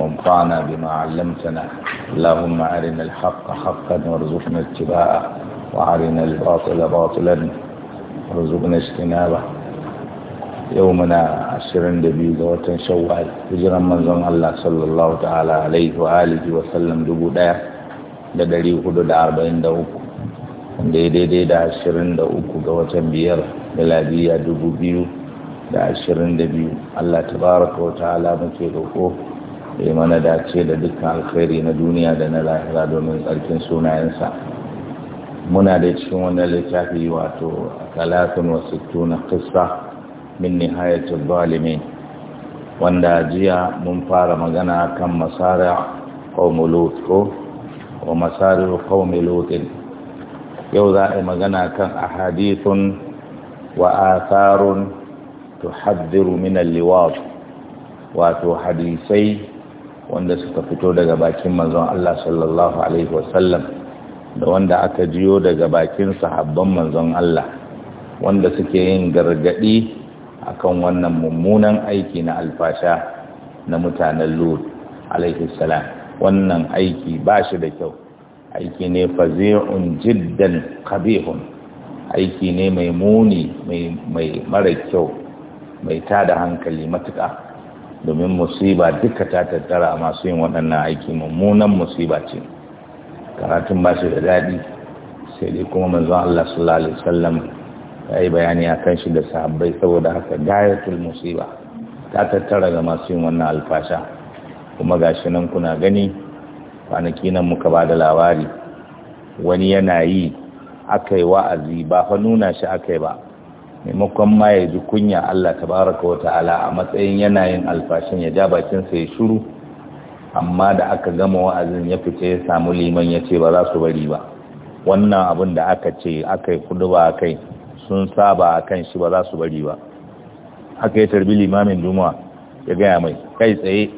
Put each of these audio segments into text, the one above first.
وانفعنا بما علمتنا اللهم أرنا الحق حقا وارزقنا اتباعه وأرنا الباطل باطلا وارزقنا اجتنابه يومنا عشرين دبي زوات شوال هجرا من زم الله صلى الله تعالى عليه وآله وسلم دبو دا da dari hudu da arba'in da uku wanda ya daidai da ashirin da uku ga watan biyar miladiya dubu biyu da ashirin da biyu allah tabaraka wa ta'ala muke roƙo ya mana dace da dukkan alkhairi na duniya da na lahira domin tsarkin sunayensa muna da cikin wannan littafi wato talatin wasu tuna qissa min nihayatul zalimin wanda jiya mun fara magana kan masara qaumul ko wa masari yau za a yi magana kan ahadithun wa atharun tuhaddiru min al wato hadisai wanda suka fito daga bakin manzon Allah sallallahu alaihi wasallam da wanda aka jiyo daga bakin sahabban manzon Allah wanda suke yin gargadi akan wannan mummunan aiki na alfasha na mutanen Lut alaihi salam wannan aiki ba shi da kyau aiki ne fazi'un jiddan qabihun aiki ne mai muni mai mara kyau mai tada hankali matuƙa domin musiba duka ta tattara a masu yin waɗannan aiki mummunan musiba ce karatun ba shi da daɗi sai dai kuma manzon Allah sallallahu alaihi wasallam ya yi bayani a kan shi da sahabbai saboda haka gayatul musiba ta tattara ga masu yin wannan alfasha kuma gashi nan kuna gani kwanaki nan muka ba da labari wani yana yi aka wa'azi ba fa nuna shi aka ba maimakon ma ya ji kunya Allah ta baraka wa ta'ala a matsayin yanayin alfashin ya ja bakinsa ya shuru amma da aka gama wa'azin ya fice ya samu liman ya ce ba za su bari ba wannan abin da aka ce aka yi kudu ba kai sun saba a kan shi ba za su bari ba aka yi tarbi limamin juma'a ya gaya mai kai tsaye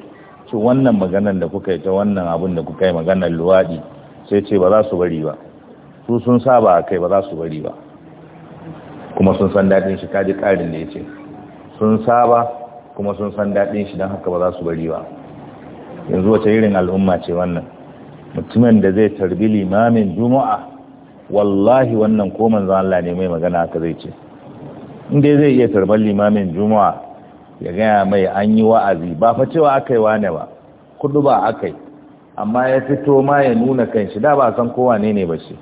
ci wannan maganar da kuka yi ta wannan abin da kuka yi maganar luwaɗi sai ce ba za su bari ba su sun saba a kai ba za su bari ba kuma sun san daɗin shi kaji ƙarin da ya ce sun saba kuma sun san daɗin shi don haka ba za su bari ba yanzu wace irin al'umma ce wannan mutumin da zai tarbi limamin juma'a wallahi wannan ko manzan Allah ne mai magana haka zai ce inda zai iya tarbar limamin juma'a ya gaya mai an yi wa'azi ba fa cewa aka yi wane ba kudu ba aka yi amma ya fito ma ya nuna kan shi da ba san kowa ne ne ba shi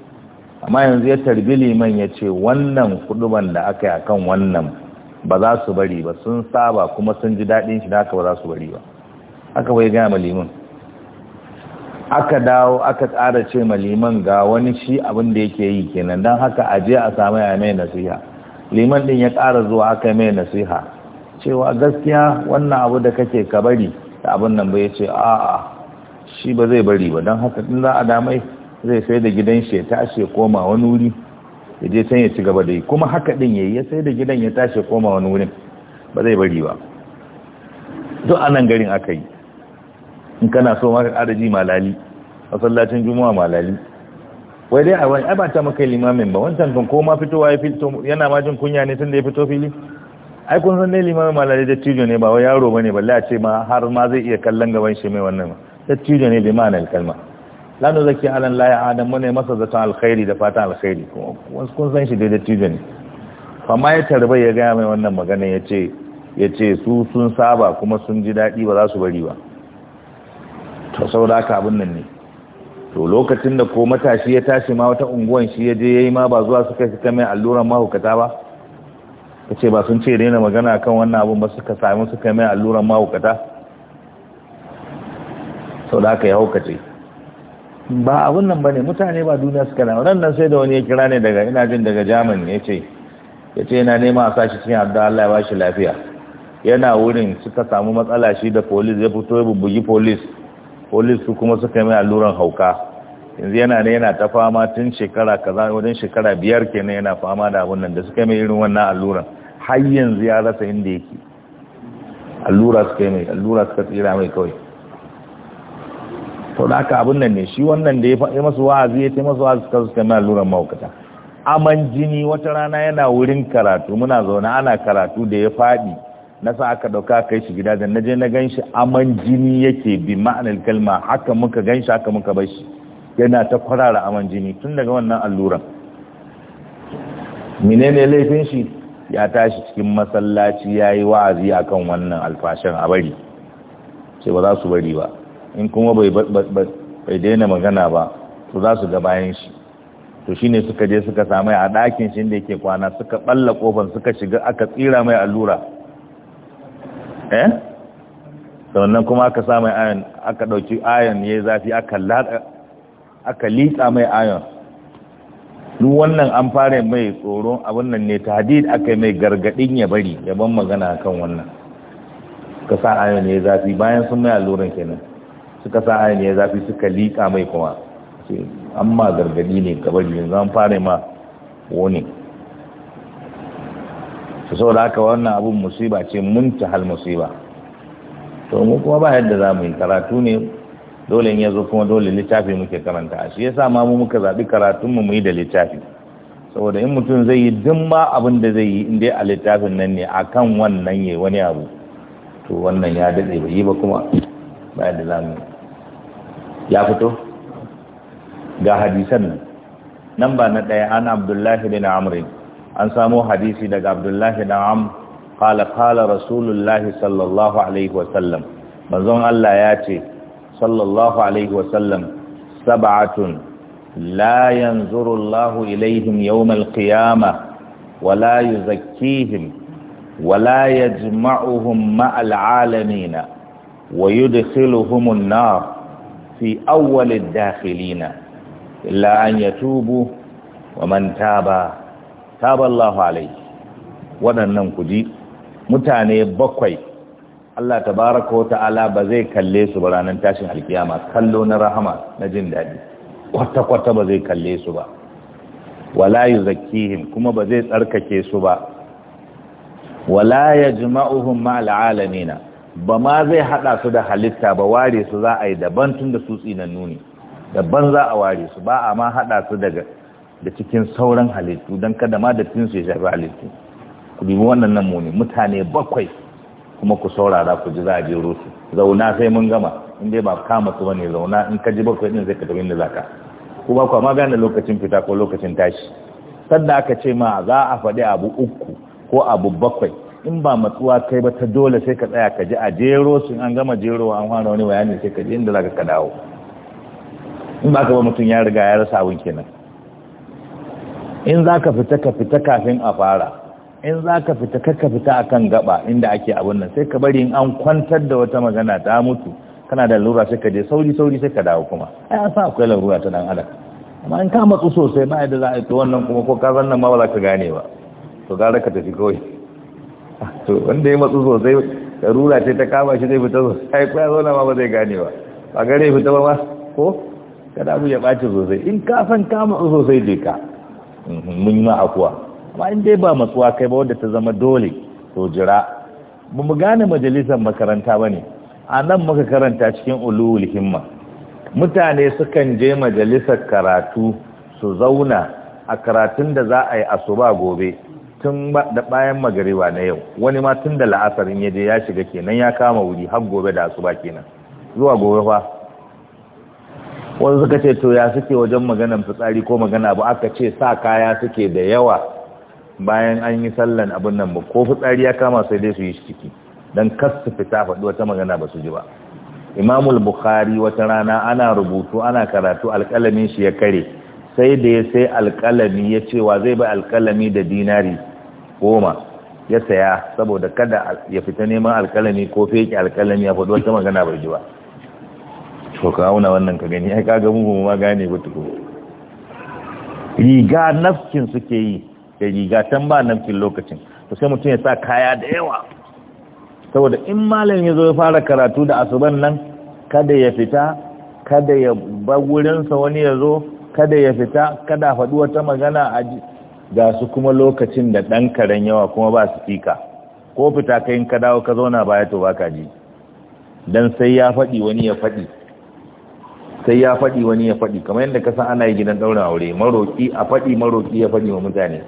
amma yanzu ya tarbi liman ya ce wannan kuduban da aka yi akan wannan ba za su bari ba sun saba kuma sun ji daɗin shi da aka ba za su bari ba aka bai gaya maliman aka dawo aka ƙara ce maliman ga wani shi abin da yake yi kenan don haka a je a samu ya mai nasiha liman ɗin ya ƙara zuwa aka mai nasiha cewa gaskiya wannan abu da kake ka bari da abin nan ba ya ce a'a shi ba zai bari ba don haka in za a damai zai sai da gidan shi ya tashi ya koma wani wuri ya je can ya ci gaba da yi kuma haka din yayi ya sai da gidan ya tashi ya koma wani wurin ba zai bari ba duk nan garin aka yi in kana so maka adaji malali masallacin juma'a malali wai dai a wani ai ba ta maka limamin ba wancan kan ko ma fitowa ya fito yana ma jin kunya ne tunda ya fito fili ai kun san dai limamin malali da tijo ne ba wai yaro bane balle a ce ma har ma zai iya kallon gaban shi mai wannan ba da tijo ne bi ma'anar kalma lanu zaki alan la adam mun masa zaton alkhairi da fatan alkhairi kuma wasu kun san shi da dattijo ne fama ya ya gaya mai wannan magana ya ce su sun saba kuma sun ji daɗi ba za su bari ba to saboda haka abin nan ne to lokacin da ko matashi ya tashi ma wata unguwan shi ya je yayi ma ba zuwa suka fita mai alluran mahukata ba kace ce ba sun ce daina magana kan wannan abun ba suka sami suka mai alluran mahukata sau da aka ya haukace ba abun nan bane mutane ba duniya suka na nan sai da wani ya kira ne daga ina jin daga ce. yace yace yana nema a sashi cikin addu'a Allah ya ba shi lafiya yana wurin suka samu matsala shi da police ya fito ya bubugi police police su kuma suka mai alluran hauka yanzu yana ne yana ta fama tun shekara kaza wajen shekara biyar kenan yana fama da abun nan da suka mai irin wannan alluran har yanzu ya rasa inda yake allura suka yi mai allura suka tsira mai kawai to da aka abin nan ne shi wannan da ya faɗi masu wa'azi ya ce masu wa'azi suka suka na lura mahaukata aman jini wata rana yana wurin karatu muna zaune ana karatu da ya faɗi na sa aka ɗauka kai shi gida da je na gan shi aman jini yake bi ma'anar kalma haka muka gan haka muka bar shi yana ta kwarara aman jini tun daga wannan alluran menene laifin shi ya tashi cikin masallaci ya yi wa'azi akan wannan alfashin a bari ce ba za su bari ba in kuma bai daina magana ba to za su ga bayan shi to shine suka je suka samu a ɗakin shi da yake kwana suka balla kofan suka shiga aka tsira mai allura eh sannan kuma aka sa mai ayon aka ɗauki ayon ya zafi aka liƙa mai ayon duk wannan an fara mai tsoron abin nan ne hadid aka mai gargaɗin ya bari yaban magana kan wannan ka sa ayon ya zafi bayan sun mai alluran kenan suka sa ayin ya zafi suka liƙa mai kuma ce an ma gargadi ne ka bari yanzu an fara ma wani su sau da haka wannan abun musiba ce mun ta hal musiba to mu kuma ba yadda za mu yi karatu ne dole in ya kuma dole littafi muke karanta shi ya sa ma mu muka zaɓi karatun mu yi da littafi saboda in mutum zai yi duk ma abin da zai yi in dai a littafin nan ne akan wannan ya wani abu to wannan ya daɗe bai yi ba kuma ba yadda za mu yi ya fito ga hadisan nan ba na ɗaya an abdullahi bin amrin an samo hadisi daga abdullahi da am kala kala rasulullahi sallallahu alaihi wasallam manzon Allah ya ce sallallahu alaihi wasallam sab'atun la yanzuru Allahu ilaihim yawmal qiyama wala yuzakkihim wala yajma'uhum ma'al alamin wa yudkhiluhum an-nar fi awwalid dakhilina illa an yatubu wa man taba taballahu Allahu alayhi waɗannan kuji mutane bakwai Allah tabaraka wa ta'ala ba zai kalle su ba ranar tashin alkiyama kallo na rahama na jin daɗi kwata-kwata ba zai kalle su ba wala yuzakkihim kuma ba zai tsarkake su ba wala yajma'uhum ma'al alamina ba ma zai hada su da halitta ba ware su za a yi daban tun da su tsinannu ne daban za a ware su ba a ma hada su daga da cikin sauran halittu don kada ma da su ya shafi halittu ku dubi wannan nan muni mutane bakwai kuma ku saurara ku ji za a je su zauna sai mun gama in dai ba kama su bane zauna in ka ji bakwai din sai ka tafi inda zaka ku ba ku ma gane lokacin fita ko lokacin tashi sanda aka ce ma za a faɗi abu uku ko abu bakwai in ba matsuwa kai ba ta dole sai ka tsaya ka ji a jero sun an gama jero an fara wani bayani sai ka ji inda zaka ka dawo in ba ka ba mutum ya riga ya rasa abin kenan in za ka fita ka fita kafin a fara in za ka fita ka fita kan gaba inda ake abin nan sai ka bari in an kwantar da wata magana ta mutu kana da lura sai ka je sauri sauri sai ka dawo kuma ai an sa akwai lura ta dan adam amma in ka matsu sosai ba yadda za a yi to wannan kuma ko ka zanna ma ba za ka gane ba to gara ka tafi kawai to wanda ya matsu sosai rura ce ta kama shi zai fita sosai ko zo zauna ma ba zai gane ba ba gare fita ba ma ko kada mu ya ɓaci sosai in ka san kama in sosai je ka mhm, mun yi ma akuwa amma in dai ba matsuwa kai ba wadda ta zama dole to jira ba mu gane majalisar makaranta ba ne a nan muka karanta cikin ululul himma mutane sukan je majalisar karatu su zauna a karatun da za a yi asuba gobe tun da bayan magariba na yau wani ma tun da la'asarin ya je ya shiga kenan ya kama wuri har gobe da asuba kenan zuwa gobe fa wanda suka ce to ya suke wajen maganan fitsari ko magana abu aka ce sa kaya suke da yawa bayan an yi sallan abin nan ba ko fitsari ya kama sai dai su yi ciki don kas su fita faɗi wata magana ba su ji ba imamul bukhari wata rana ana rubutu ana karatu alƙalamin shi ya kare sai da ya sai alƙalami ya cewa zai bai alƙalami da dinari goma ya saya saboda kada ya fita neman alkalami ko feki alkalami ya faɗi wata magana bai ji ba to kawuna wannan ka gani ai kaga mu ma gane ba tuko riga nafkin suke yi da riga tan ba nafkin lokacin to sai mutum ya sa kaya da yawa saboda in malam ya zo ya fara karatu da asuban nan kada ya fita kada ya bar wurinsa wani ya zo kada ya fita kada faɗi wata magana a ga su kuma lokacin da ɗan karen yawa kuma ba sifika ko fita ka yin ka dawo ka zauna baya to ka ji don sai ya faɗi wani ya faɗi sai ya faɗi wani ya faɗi kamar yadda ka san ana yi gidan ɗaurin aure maroƙi a faɗi maroƙi ya faɗi wa mutane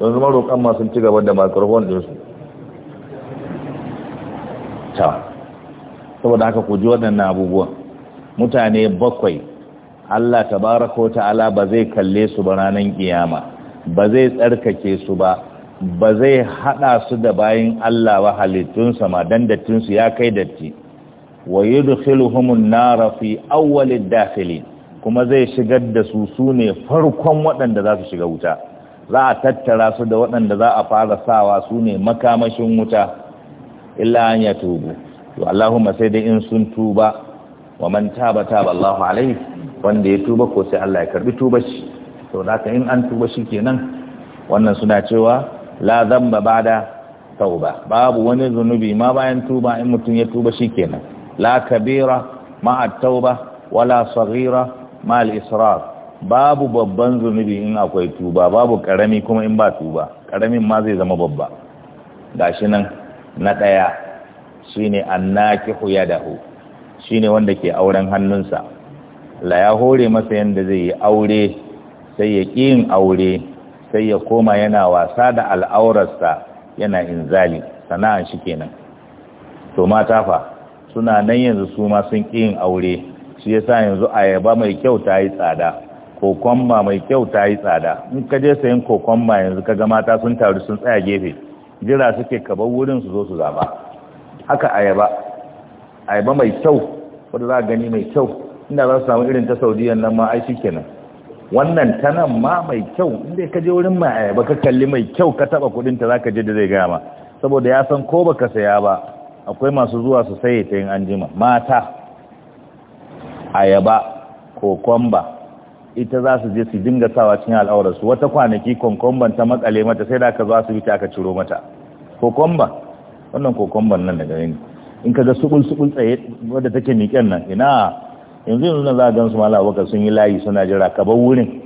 yanzu maroƙan ma sun ci gaba da makarfon su, ta saboda haka ku ji waɗannan abubuwan mutane bakwai Allah tabaraka wa ta'ala ba zai kalle su ba ranar kiyama ba zai tsarkake su ba ba zai hada su da bayin Allah ba halittunsa ma dan dattinsu ya kai datti wa na nara fi awwalid dakhilin kuma zai shigar da su sune farkon waɗanda za su shiga wuta za a tattara su da waɗanda za a fara sawa sune makamashin wuta illa an yatubu to Allahumma sai dai in sun tuba wa man taba taba Allahu alaihi wanda ya tuba ko sai Allah ya karbi tubar shi to da in an tuba shi kenan wannan suna cewa la zamba ba tauba babu wani zunubi ma bayan tuba in mutum ya tuba shi kenan la kabira ma tauba wala Sarira ma al-israr babu babban zunubi in akwai tuba babu karami kuma in ba tuba karamin ma zai zama babba gashi nan na daya shine annakihu shi shine wanda ke auren hannunsa la ya hore masa yanda zai yi aure sai ya ƙi yin aure sai ya koma yana wasa da al'aurarsa yana inzali sana'an shi kenan to mata fa suna nan yanzu su ma sun ƙi yin aure shi yasa yanzu ayaba mai kyau ta yi tsada kokonba mai kyau ta yi tsada in ka je sayan kokonba yanzu kaga mata sun taru sun tsaya gefe jira suke kabar wurin su zo su zaba haka ayaba ayaba mai kyau wadda za gani mai kyau inda za su samu irin ta saudiyan nan ma ai kenan wannan tanan ma mai kyau inda ka je wurin mai ayaba ka kalli mai kyau ka taba kudin ta zaka je da zai gama saboda ya san ko baka saya ba akwai masu zuwa su saye ta yin anjima mata ayaba kokomba ita za su je su dinga sawa cikin al'aurarsu wata kwanaki kokomban ta makale mata sai da ka zo asibiti aka ciro mata kokomba wannan kokomban nan daga yin in ka ga subul subul tsaye wadda take miƙen nan ina yanzu yanzu na za a gansu mala abokan sun yi layi suna jira ka bar wurin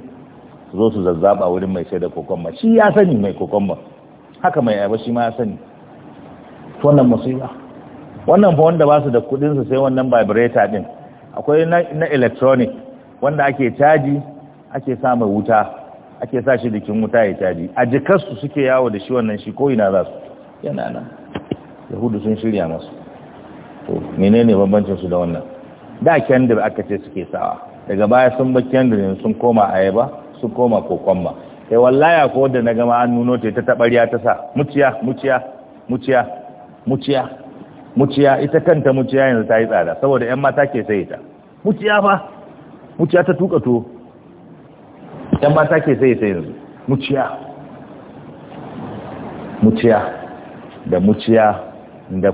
su zo su zazzaba wurin mai sai da kokonba shi ya sani mai kokonba haka mai ayaba shi ma ya sani wannan musiba wannan fa wanda ba su da kudin su sai wannan vibrata din akwai na electronic wanda ake caji ake sa mai wuta ake sa shi dikin wuta ya caji a jikarsu suke yawo da shi wannan shi ko ina za su yana nan yahudu sun shirya masu to menene bambancin su da wannan da kendir aka ce suke sawa daga baya sun ba kendir sun koma ayaba sun koma ba kai wallaya ko da na gama an nuno ta tabariya ta sa muciya muciya muciya muciya muciya ita kanta muciya yanzu ta yi tsada saboda yan mata ke sai ta muciya fa muciya ta tuka to yan mata ke sai sai yanzu muciya muciya da muciya da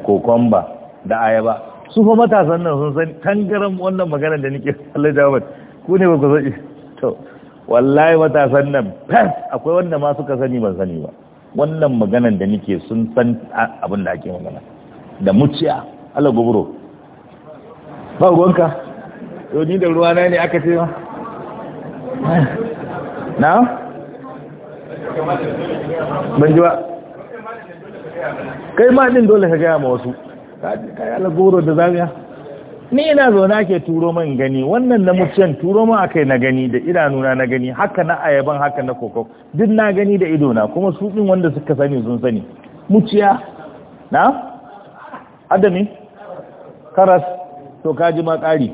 ba da ayaba su fa matasan nan sun sani, tangaran wannan magana da nake Allah jawab ku ne ba ku sani to wallahi matasan nan fas akwai wanda ma suka sani ban sani ba wannan maganan da nake sun san abin da ake magana da muciya Allah gubro ba gonka to ni da ruwa na ne aka ce ma na ban ji ba kai ma din dole ka gaya ma wasu ka yi alagoro da zamiya ni ina zaune ake turo man gani wannan na muciyan turo man akai na gani da idanuna na gani haka na ayaban haka na kokok duk na gani da idona kuma su din wanda suka sani sun sani muciya na adami karas to kaji ma kari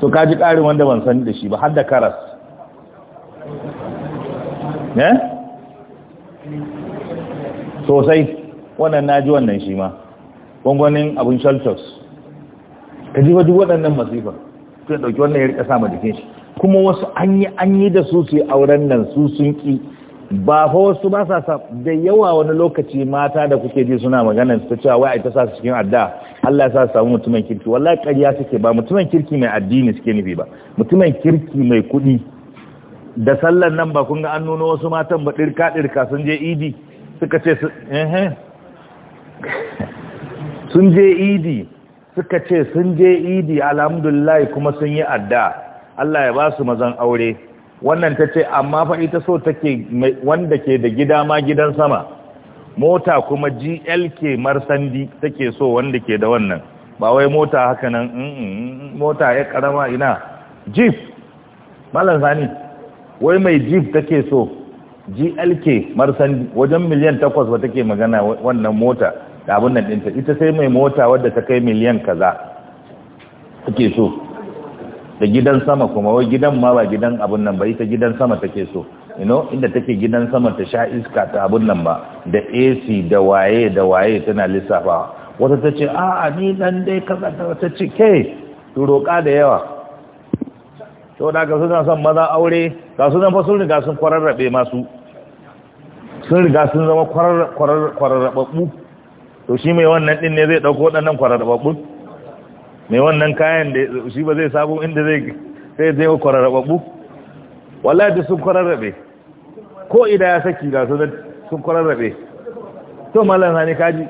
to kaji kari wanda ban sani da shi ba har da karas ne eh? sosai wannan naji wannan shi ma gwangwanin abin shaltos ka ji duk waɗannan masifar ya ɗauki wannan ya riƙa sama jikin shi kuma wasu an yi an yi da su su auren nan su sun ƙi ba fa wasu ba sa sa da yawa wani lokaci mata da kuke ji suna magana su ta cewa wai ai ta sa su cikin adda Allah ya sa su samu mutumin kirki wallahi ƙarya suke ba mutumin kirki mai addini suke nufi ba mutumin kirki mai kuɗi da sallar nan ba kun ga an nuna wasu matan ba ɗirka ɗirka sun je idi suka ce su eh, eh. sun je idi suka ce sun je idi alhamdulillah kuma sun yi adda Allah ya ba su mazan aure wannan ta ce amma fa ita so take wanda ke da gida ma gidan sama mota kuma glk marsandi take so wanda ke da wannan ba wai mota haka nan mm, mm, mm, mota ya karama ina jeep malam sani wai mai jeep take so glk marsandi wajen miliyan takwas ba take magana wannan mota da abin nan ɗinta ita sai mai mota wadda ta kai miliyan kaza take so da gidan sama kuma wai gidan ma ba gidan abin nan ba ita gidan sama take so you know inda take gidan sama ta sha iska ta abin nan ba da AC da waye da waye tana lissafawa wata ta ce a'a ni dan dai kaza ta ce ke su roƙa da yawa to da ga suna son maza aure ga su fa sun riga sun kwararrabe masu sun riga sun zama kwararrabe to shi mai wannan din ne zai dauko waɗannan kwararrababbun mai wannan kayan da shi ba zai sabo inda zai sai zai kwararrababbu wallahi da sun kwararrabe ko ida ya saki da su sun kwararrabe to mallan sani kaji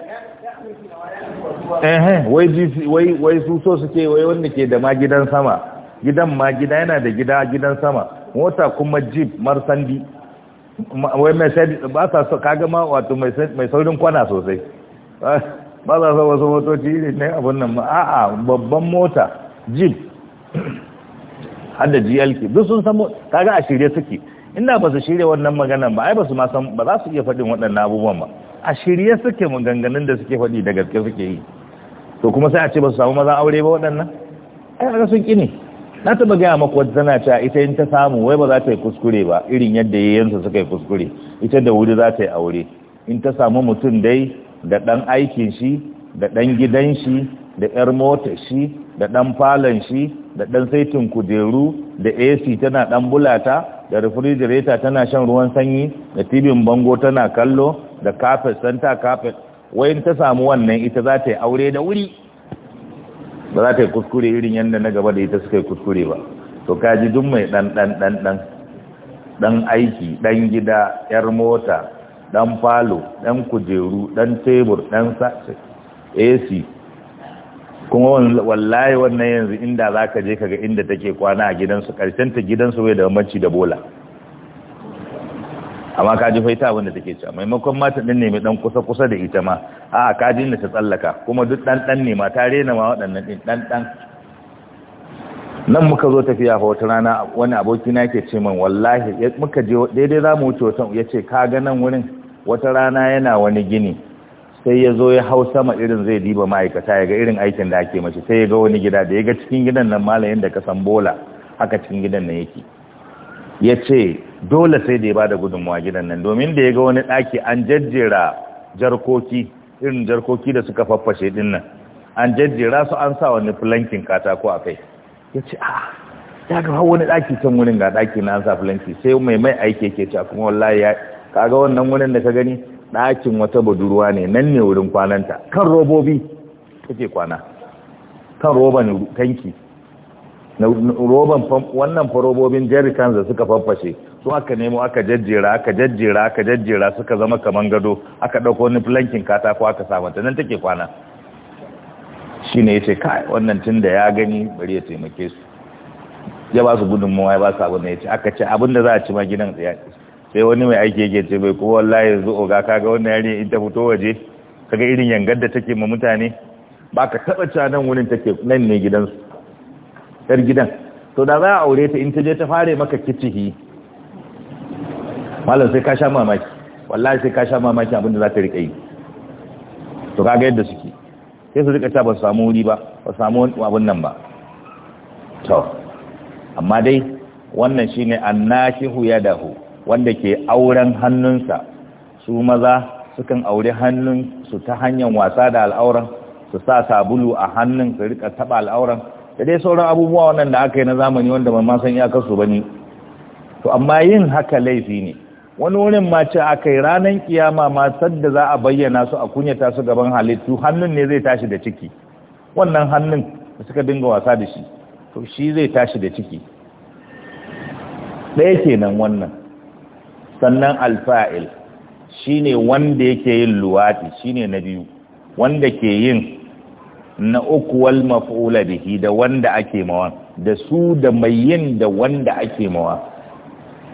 eh wai wai wai su so suke wai wanda ke da ma gidan sama gidan ma gida yana da gida gidan sama mota kuma jeep marsandi wai mai sai ba sa kaga ma wato mai saurin kwana sosai ba za su wasu motoci ne na abin nan ba a'a babban mota Jim. har da glk duk sun san kaga a shirye suke inda ba su shirya wannan maganan ba ai ba su ma san ba za su iya faɗin waɗannan abubuwan ba a shirye suke maganganun da suke faɗi da gaske suke yi to kuma sai a ce ba su samu maza aure ba waɗannan ai ga sun kine na taɓa gaya maka wata tana cewa ita in ta samu wai ba za ta yi kuskure ba irin yadda yayyansa suka yi kuskure ita da wuri za ta yi aure in ta samu mutum dai da ɗan aikin shi da ɗan gidan shi da 'yar mota shi da ɗan falon shi da ɗan saitin kujeru da ac tana ɗan bulata da refrigerator tana shan ruwan sanyi da tibin bango tana kallo da kafet santa kafet wayan ta samu wannan ita za ta yi aure da wuri ba za ta yi kuskure irin yadda na gaba da ita suka yi kuskure ba to kaji duk mai ɗan ɗan ɗan ɗan aiki ɗan gida 'yar mota dan falo dan kujeru dan tebur dan ac kuma wallahi wannan yanzu inda za ka je kaga inda take kwana a gidansu karshen ta gidansu bai da bambanci da bola amma ka ji faita abinda take ci maimakon mata ɗin nemi ɗan kusa-kusa da ita ma a ka ji inda ta tsallaka kuma duk ɗan ɗan ne ma ta rena ma waɗannan ɗin ɗan ɗan nan muka zo tafiya fa wata rana wani aboki na ke ce min wallahi muka je daidai za mu wuce wata ya ce ka ga nan wurin wata rana yana wani gini sai ya zo ya hau sama irin zai diba ma'aikata ya ga irin aikin da ake mace sai ya ga wani gida da ya ga cikin gidan nan malayin da kasan bola haka cikin gidan nan yake ya ce dole sai da ya bada gudunmawa gidan nan domin da ya ga wani ɗaki an jajjera jarkoki irin jarkoki da suka faffashe din nan an jajjera su an sa wani filankin katako a kai ya ce a ah, ya ga wani ɗaki can wurin ga ɗaki na an sa filanki sai mai mai aiki yake ce kuma wallahi kaga wannan wurin da ka gani ɗakin wata budurwa ne nan ne wurin kwananta kan robobi take kwana kan roban tanki roban wannan farobobin jerrycans da suka fanfashe su aka nemo aka jajjera aka jajjera aka jajjera suka zama kaman gado aka ɗauko wani plankin katako aka samanta nan take kwana shi ne ya ce kai wannan tun da ya gani bari ya taimake su ya ba su gudunmawa ya ba su abin da ya ce aka ce abin da za a ci ma gidan tsaye sai wani mai aiki yake ce bai ko wallahi yanzu oga kaga wannan yari in ta fito waje kaga irin yangar da take ma mutane ba ka taba cewa nan wurin take nan ne gidansu yar gidan to da za a aure ta in ta je ta fare maka kicihi malam sai ka sha mamaki wallahi sai ka sha mamaki abin da za ta riƙe yi to kaga yadda suke sai su rika ta ba su samu wuri ba ba su samu abin nan ba to amma dai wannan shine annashihu yadahu wanda ke auren hannunsa su maza sukan aure hannun su ta hanyar wasa da al'auran su sa sabulu a hannun su rika taba al'auran da dai sauran abubuwa wannan da aka yi na zamani wanda ba ma san kasu ba bane to amma yin haka laifi ne wani wurin ma ce aka yi ranar kiyama ma sadda za a bayyana su a kunyata su gaban halittu hannun ne zai tashi da ciki wannan hannun da suka dinga wasa da shi to shi zai tashi da ciki ɗaya kenan wannan sannan alfa'il shine wanda yake yin luwati shine na biyu wanda ke yin na uku wal maf'ula bihi da wanda ake mawa da su da mai yin da wanda ake mawa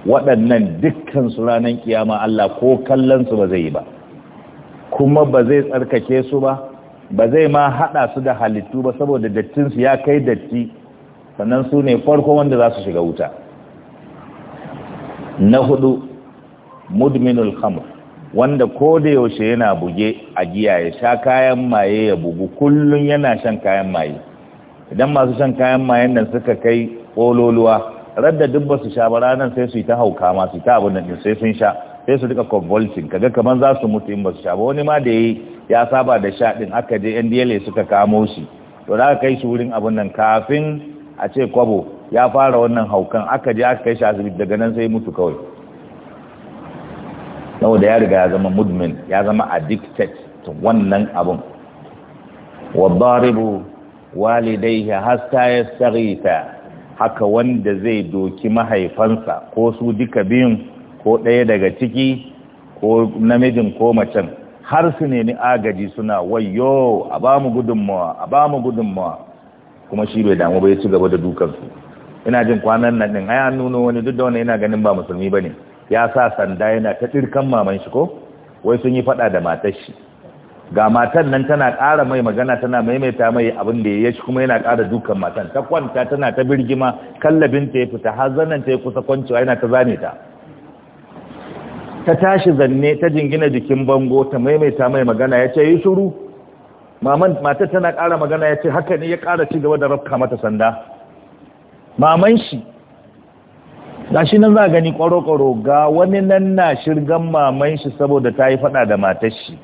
waɗannan dukkan su ranar kiyama Allah ko kallon su ba zai yi ba kuma ba zai tsarkake su ba ba zai ma haɗa su da halittu ba saboda dattinsu ya kai datti sannan su ne farko wanda za su shiga wuta na hudu mudminul khamr wanda ko da yaushe yana buge a giya ya sha kayan maye ya bugu kullun yana shan kayan maye idan masu shan kayan mayen nan suka kai ƙololuwa radda duk ba su sha ba ranar sai su yi ta hauka ma su ta abu nan sai sun sha sai su duka convulsing kaga kamar za su mutu in ba su sha ba wani ma da yi ya saba da sha din aka je NDLA suka kamo shi to da aka kai shi wurin abun nan kafin a ce kwabo ya fara wannan haukan aka je aka kai shi asibiti daga nan sai mutu kawai saboda ya riga ya zama mudmin ya zama addicted to wannan abun wa daribu walidayhi ya yastaghitha haka wanda zai doki mahaifansa ko su duka biyun ko ɗaya daga ciki ko namijin ko macen har su ne ni agaji suna wayo a ba mu gudunmawa a ba mu gudunmawa kuma shi bai damu bai ci gaba da dukansu ina jin kwanan nan ɗin aya nuno wani duk da wani ina ganin ba musulmi ba ne ya sa sanda yana ta tsirkan maman shi ko wai sun yi fada da matar shi ga matan nan tana ƙara mai magana tana maimaita mai abin da ya ci kuma yana ƙara dukan matan ta kwanta tana ta birgima kallabin ta ya fita har zanen ta ya kusa kwancewa yana ta zane ta ta tashi zanne ta jingina jikin bango ta maimaita mai magana ya ce yi shuru maman matar tana ƙara magana ya ce haka ne ya ƙara ci gaba da rafka mata sanda maman shi Ga shi nan za gani kwaro-kwaro ga wani nan na shirgan maman shi saboda ta yi fada da matar shi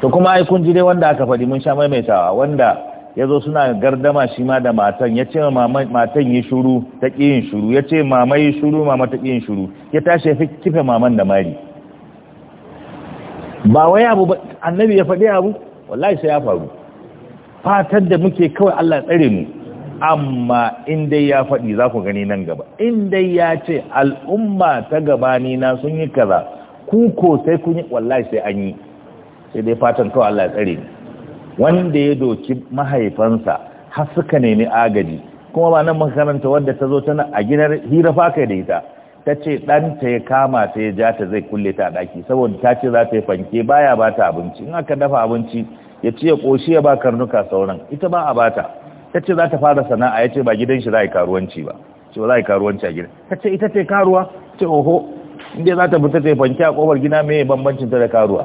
ta kuma aikun jire wanda aka faɗi mun sha maimaitawa wanda ya zo suna gardama shi ma da matan ya ce matan yi shuru ta ƙi yin shuru ya ce mama yi shuru mama ta ƙi yin shuru ya tashi ya fi kife maman da mari ba wai abu ba annabi ya faɗi abu wallahi sai ya faru fatar da muke kawai Allah tsare mu amma in dai ya faɗi za ku gani nan gaba in dai ya ce al'umma ta gabani na sun yi kaza ku sai kun yi wallahi sai an yi sai dai fatan kawai Allah ya tsare ni wanda ya doki mahaifansa har suka nemi agaji kuma ba nan makaranta wadda ta zo tana a gidan hira fa kai da ita ta ce ɗanta ya kama ta ya ja ta zai kulle ta a ɗaki saboda ta ce za ta yi fanke baya bata abinci in aka dafa abinci ya ce ya ƙoshi ya ba karnuka sauran ita ba a bata ta ce za ta fara sana'a ya ce ba gidan shi za a yi karuwanci ba ce ba za a yi karuwanci a gidan ta ce ita ce karuwa ce oho inda za ta fita ta a kofar gina mai bambancin ta da karuwa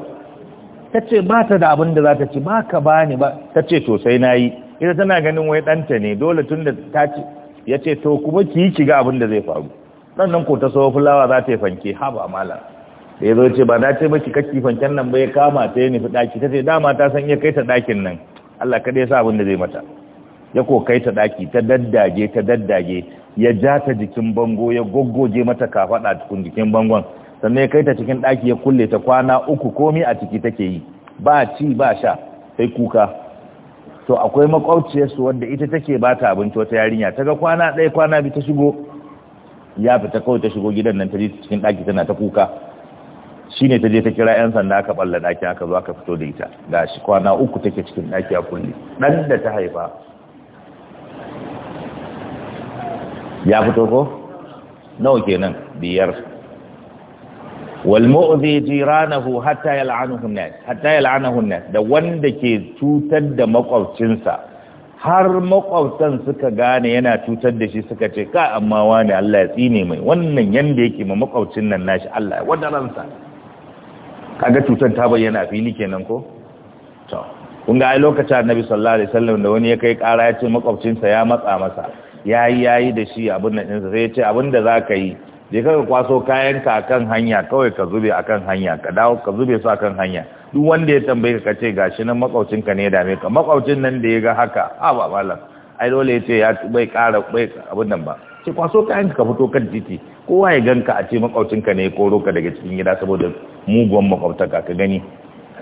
ta ce ba ta da abin da za ta ci ba ka ba ni ba ta ce to sai na yi ita tana ganin wai ɗanta ne dole tun da ta ce ya ce to kuma ki yi kiga abin da zai faru sannan ko ta sawa fulawa za ta yi fanke haba malam da ya zo ce ba na ce maki kakki fanken nan bai kama ta yi nufi ɗaki ta ce dama ta san iya kai ta ɗakin nan Allah kaɗai ya sa abin da zai mata ya kokai ta daki ta daddage ta daddage ya ja ta jikin bango ya goggoje mata kafada cikin jikin bangon sannan ya kai ta cikin daki ya kulle ta kwana uku komai a ciki take yi ba ci ba sha sai kuka to akwai su wanda ita take ba ta abinci wata yarinya ta ga kwana ɗaya kwana bi ta shigo ya fita kawai ta shigo gidan nan ta je cikin daki tana ta kuka shi ne ta je ta kira 'yan sanda aka balla daki aka zo aka fito da ita ga shi kwana uku take cikin daki a kulle dan da ta haifa ya fito ko nawa kenan biyar wal mu'zi jiranahu hatta yal'anuhu nas hatta yal'anuhu nas da wanda ke cutar da makwabcinsa har makwabtan suka gane yana cutar da shi suka ce ka amma wani Allah ya tsine mai wannan yanda yake ma makwabcin nan nashi Allah ya ransa kaga cutar ta bayyana a fili kenan ko to kun ga ai lokacin Annabi sallallahu alaihi wasallam da wani ya kai kara ya ce makwabcinsa ya matsa masa Ya yi ya yi da shi abin da din sai ce abin da za ka yi je ka kwaso kayan ka kan hanya kawai ka zube a kan hanya ka dawo ka zube su a kan hanya duk wanda ya tambaye ka kace gashi nan makaucin ka ne dame ka makaucin nan da ya ga haka a ba malam ai dole ya ce ya bai kara bai abin nan ba ce kwaso kayan ka fito kan titi kowa ya ganka a ce makaucin ka ne koro ka daga cikin gida saboda muguwan makwabtaka ka gani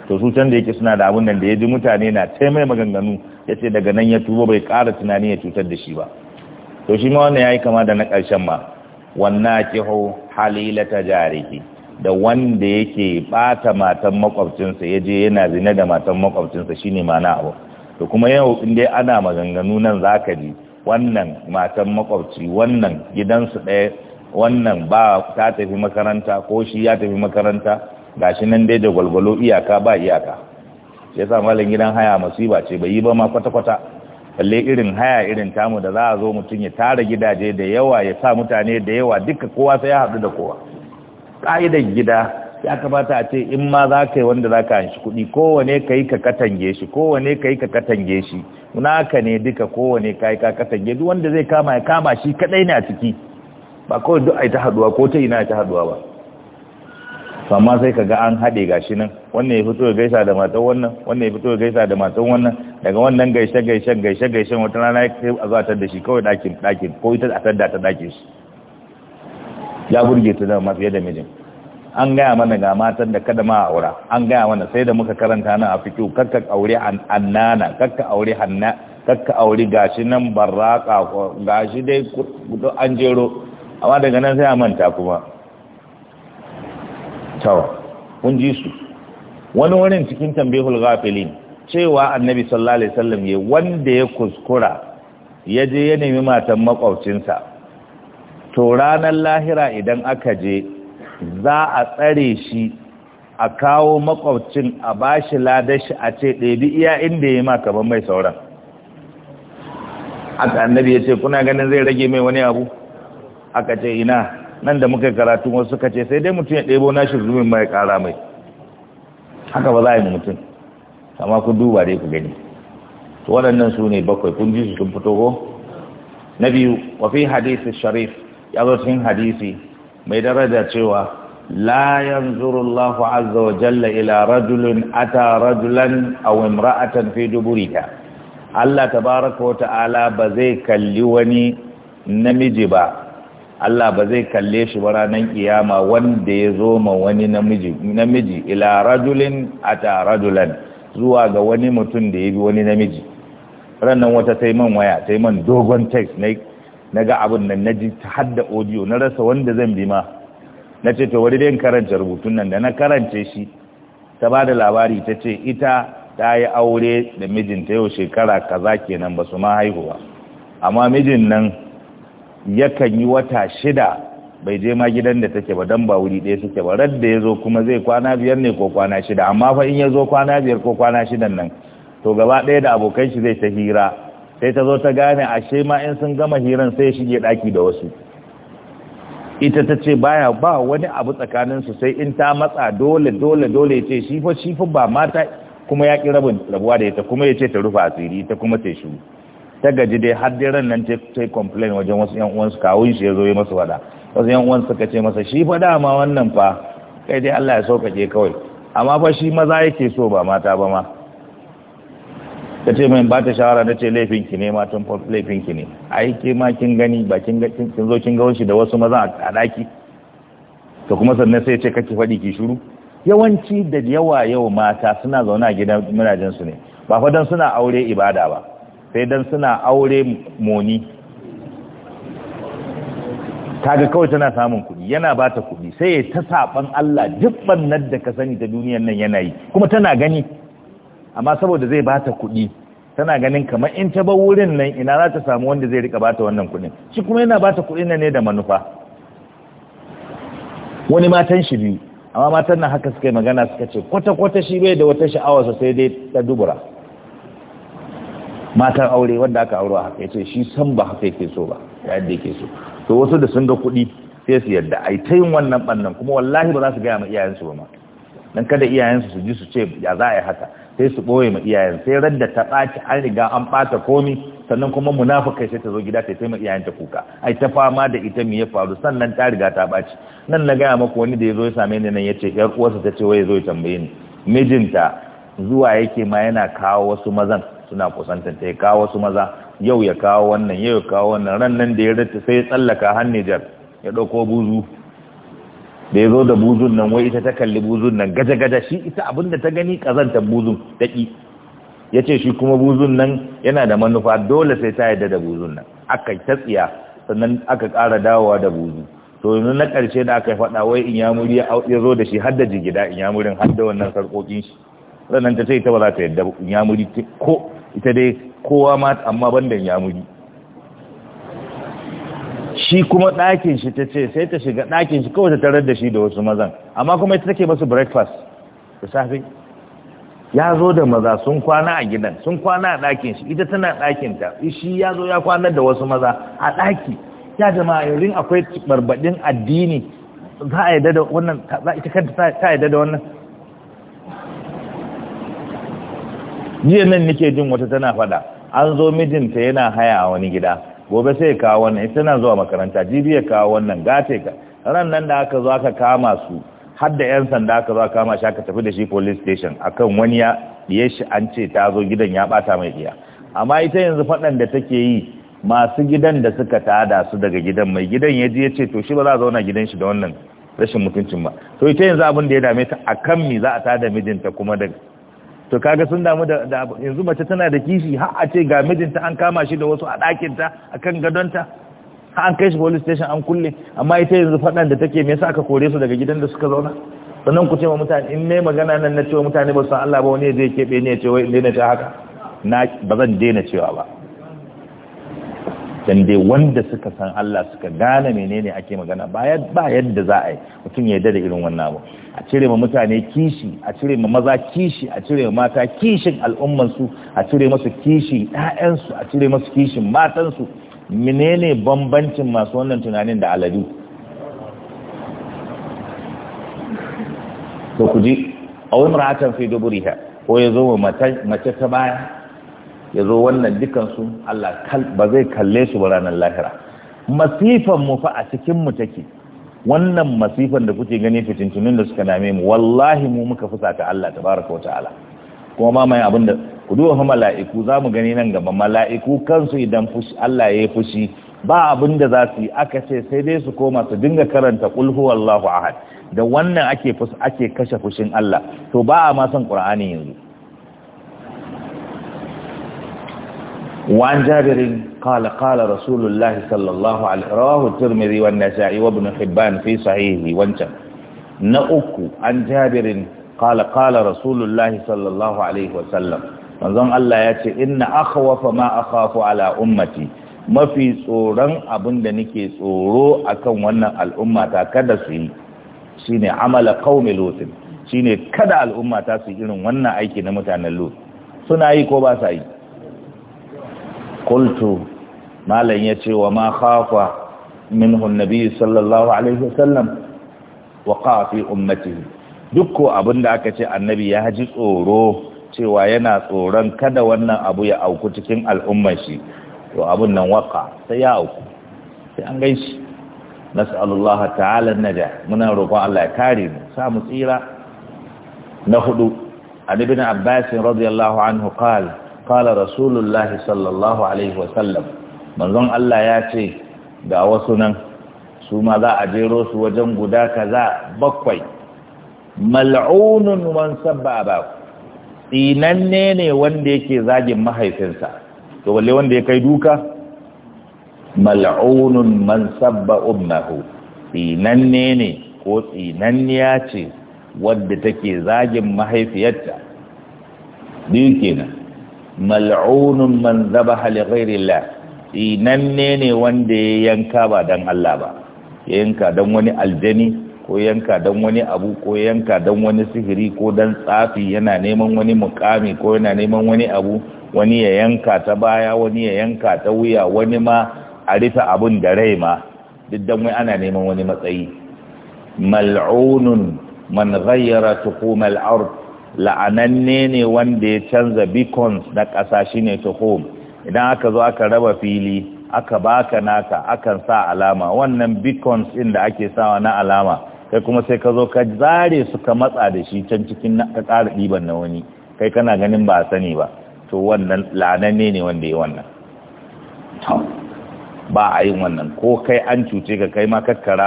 to su can da yake suna da abun nan da ya ji mutane na taimai maganganu ya ce daga nan ya tuba bai kara tunani ya cutar da shi ba to shi ma wannan yayi kama da na ƙarshen ma wannakihu halilata jarihi da wanda yake bata matan makwabcinsa ya je yana zina da matan makwabcinsa shine na abu to kuma yau in dai ana maganganu nan zaka ji wannan matan makwabci wannan gidansu ɗaya wannan ba ta tafi makaranta ko shi ya tafi makaranta gashi nan dai da gwalgwalo iyaka ba iyaka yasa malam gidan haya masiba ce bai yi ba ma kwata-kwata balle irin haya irin tamu da za a zo mutum ya tara gidaje da yawa ya sa mutane da yawa duka kowa sai ya haɗu da kowa ƙa'idar gida ya kamata a ce in ma za ka yi wanda za ka hanshi kuɗi kowane ka yi ka katange shi kowane ka yi ka katange shi naka ne duka kowane ka yi ka katange duk wanda zai kama ya kama shi kaɗai ne a ciki ba kawai duk a ta haɗuwa ko ta ina ta haɗuwa ba to amma sai kaga an haɗe gashi nan wannan ya fito ya gaisa da matan wannan wannan ya fito ya gaisa da matan wannan daga wannan gaishe gaishe gaishe gaishe wata rana ya kai a zuwa da shi kawai ɗakin ɗakin ko ita a tadda ta ɗakin shi ya burge ta zama fiye da mijin an gaya mana ga matan da kada ma aura an gaya mana sai da muka karanta nan a fito kakka aure annana kakka aure hanna kakka aure gashi nan barraka gashi dai an jero amma daga nan sai a manta kuma to kun ji su wani wurin cikin tambihul ghafilin cewa annabi sallallahu alaihi wasallam ya wanda ya kuskura ya je ya nemi matan makwabcinsa to ranar lahira idan aka je za a tsare shi a kawo makwabcin a bashi ladashi a ce ɗabi iya inda ya ma kaban mai sauran aka annabi ya ce kuna ganin zai rage mai wani abu aka ce ina nan da muka karatu wasu suka ce sai dai mutum ya ɗebo nashi zumin mai ƙara mai haka ba za a yi mutum amma ku duba dai ku gani to waɗannan su ne bakwai kun ji su sun fito ko na biyu wa fi hadisi sharif ya zo cikin hadisi mai daraja cewa wa jalla ila rajulin ata rajulan aw imra'atan fi أو Allah tabaraka wa ta'ala ba zai kalli wani namiji ba. Allah ba zai kalle shi ba ranar kiyama wanda ya zo ma wani namiji namiji ila rajulin ata rajulan zuwa ga wani mutum da ya bi wani namiji rannan wata sai man waya sai man dogon text na na ga abin nan na ji ta da audio na rasa wanda zan bi ma na ce to wani dai karanta rubutun nan da na karance shi ta ba da labari ta ce ita ta yi aure da mijinta yau shekara kaza kenan ba su ma haihuwa amma mijin nan yakan yi wata shida bai je ma gidan da take ba dan ba wuri ɗaya suke ba da ya zo kuma zai kwana biyar ne ko kwana shida amma fa in ya zo kwana biyar ko kwana shidan nan to gaba ɗaya da abokan shi zai ta hira sai ta zo ta gane a ashe ma in sun gama hiran sai ya shige ɗaki da wasu ita ta ce baya ba wani abu tsakanin su sai in ta matsa dole dole dole ya ce shi fa shi fa ba mata kuma ya ƙi rabuwa da ita kuma ya ce ta rufa asiri ita kuma ta shiru. ta gaji dai har dai ran nan ta complain wajen wasu yan uwansu kawun shi ya zo ya masa wada wasu yan uwansu suka ce masa shi fa ma wannan fa kai dai Allah ya sauƙaƙe kawai amma fa shi maza yake so ba mata ba ma ta ce min ba ta shawara na ce ki ne matan ki ne ai ke ma kin gani ba kin zo kin ga shi da wasu maza a daki to kuma sannan sai ce kake faɗi ki shiru yawanci da yawa yau mata suna zaune a gidan murajen su ne ba fa dan suna aure ibada ba sai dan suna aure moni kaga kawai tana samun kudi yana ba ta kuɗi sai ya ta saban Allah duk bannar da ka sani ta duniyar nan yana yi kuma tana gani amma saboda zai ba ta kuɗi tana ganin kamar in ta ba wurin nan ina za ta samu wanda zai rika ba ta wannan kuɗin shi kuma yana ba ta kuɗin ne da manufa wani matan shi biyu amma matan nan haka suka yi magana suka ce kwata-kwata shi bai da wata sha'awarsa sai dai ta dubura matan aure wanda aka a haka ce shi san ba haka yake so ba ya yadda yake so to wasu da sun ga kuɗi sai su yarda a ta yin wannan ɓannan kuma wallahi ba za su gaya ma iyayensu ba ma don kada iyayensu su ji su ce ya za a yi haka sai su ɓoye ma iyayen sai radda ta ɓaci an riga an ɓata komi sannan kuma munafukai sai ta zo gida ta taimaka iyayen ta kuka ai ta fama da ita mu ya faru sannan ta riga ta ɓaci nan na gaya maku wani da ya zo ya same ni nan ya ce ƴar uwarsa ta ce wai ya zo ya tambaye ni mijinta zuwa yake ma yana kawo wasu mazan suna kusantanta ya kawo wasu maza yau ya kawo wannan yau ya kawo wannan ran da ya rata sai ya tsallaka hannijar Nijar ya ɗauko buzu da ya zo da buzun nan wai ita ta kalli buzun nan gaja-gaja shi ita abin da ta gani ƙazantar buzun ta ƙi ya ce shi kuma buzun nan yana da manufa dole sai ta yadda da buzun nan aka ta tsiya sannan aka ƙara dawowa da buzu to yanzu na ƙarshe da aka faɗa wai in ya muri ya zo da shi har da jigida in ya murin har da wannan sarƙoƙin shi sannan ta ce ita ba za ta yadda in ya muri ko ita dai kowa ma amma bandan ya muri shi kuma ɗakin shi ta ce sai ta shiga ɗakin shi kawai ta tarar da shi da wasu mazan amma kuma ita take masu breakfast da safe ya zo da maza sun kwana a gidan sun kwana a ɗakin shi ita tana ɗakin ta shi ya zo ya kwana da wasu maza a ɗaki ya jama'a yanzu akwai barbaɗin addini za a yadda da wannan ta yadda da wannan jiya nan nake jin wata tana faɗa an zo mijinta yana haya a wani gida gobe sai kawo wannan ita tana zuwa makaranta jibiya ya kawo wannan gace ka ran nan da aka zo aka kama su har da yan sanda aka zo aka kama shi aka tafi da shi police station akan wani ya diye shi an ce ta zo gidan ya bata mai diya amma ita yanzu faɗan da take yi masu gidan da suka tada su daga gidan mai gidan ya ji ya ce to shi ba za a zauna gidan shi da wannan rashin mutuncin ba to ita yanzu abin da ya dame ta akan mi za a tada mijinta kuma da to kaga sun damu da yanzu mace tana da kishi ha a ce ga mijinta an kama shi da wasu a ɗakinta a kan gadonta ha an kai shi police station an kulle amma ita yanzu faɗan da take me yasa aka kore su daga gidan da suka zauna sannan ku ce wa mutane in ne magana nan na cewa mutane ba su san Allah ba wani ya kebe keɓe ne ya ce wai daina ta haka na ba zan daina cewa ba dan dai wanda suka san Allah suka gane menene ake magana ba yadda za a yi mutum ya yarda da irin wannan abu a cire ma mutane kishi a cire ma maza kishi a cire ma mata kishin al'ummansu a cire masu kishi 'ya'yansu, a cire masu kishin matansu menene bambancin masu wannan tunanin da aladu to ku ji a wani ra'atan fi duburiha ko ya zo mace ta baya ya zo wannan dukansu Allah ba zai kalle su ba ranar lahira masifan mu fa a cikin mu take wannan masifan da kuke gani fitintunin da suka name mu wallahi mu muka fusa ka Allah tabaraka wataala kuma ma mai abin da ku duba fa mala'iku za mu gani nan gaba mala'iku kansu idan fushi Allah ya yi fushi ba abin da za su yi aka ce sai dai su koma su dinga karanta qul huwallahu ahad da wannan ake ake kashe fushin Allah to ba a ma son qur'ani yanzu وعن جابر قال قال رسول الله صلى الله عليه رواه الترمذي والنسائي وابن حبان في صحيحه وانت نأك عن جابر قال قال رسول الله صلى الله عليه وسلم manzon Allah ya ce inna akhwafa ma akhafu ala ummati mafi tsoron abin da nake tsoro akan wannan al'ummata, kada su yi shine amala qaumi lut shine kada al'ummata ta su irin wannan aiki na mutanen lut suna yi ko basa yi kultu malam ce wa ma khafa minhu annabi sallallahu alaihi wasallam wa fi ummatihi dukko abinda aka ce annabi ya ji tsoro cewa yana tsoron kada wannan abu ya auku cikin al'ummar shi to abun nan waka sai ya auku sai an gaishi nas'alullaha ta'ala naja muna roƙon Allah ya kare mu sa mu tsira na hudu an ibn abbas radiyallahu anhu qala qala rasulullahi sallallahu alaihi wasallam manzon Allah ya ce ga wasu nan su ma za a jero su wajen guda kaza bakwai mal'unun man a ba tsinanne ne wanda yake zagin mahaifinsa to balle wanda ya kai duka mal'unun man sabba tsinanne ne ko tsinanniya ce wadda take zagin mahaifiyarta biyu kenan mal'unun man zabaha li ghairillah inanne ne wanda ya yanka ba dan Allah ba ya yanka dan wani aljani ko yanka dan wani abu ko yanka dan wani sihiri ko dan tsafi yana neman wani mukami ko yana neman wani abu wani ya yanka ta baya wani ya yanka ta wuya wani ma a rufe abun da rai ma duk dan wai ana neman wani matsayi mal'unun man ghayyara tuqumal ard la'ananne ne wanda ya canza beacons na ƙasa shine tuhum idan aka zo aka raba fili aka baka naka akan sa alama wannan beacons din da ake sawa na alama kai kuma sai ka zo ka zare su ka matsa da shi can cikin ka ƙara ɗiban na wani kai kana ganin ba sani ba to wannan la'ananne ne wanda ya wannan ba a yin wannan ko kai an cuce ka kai ma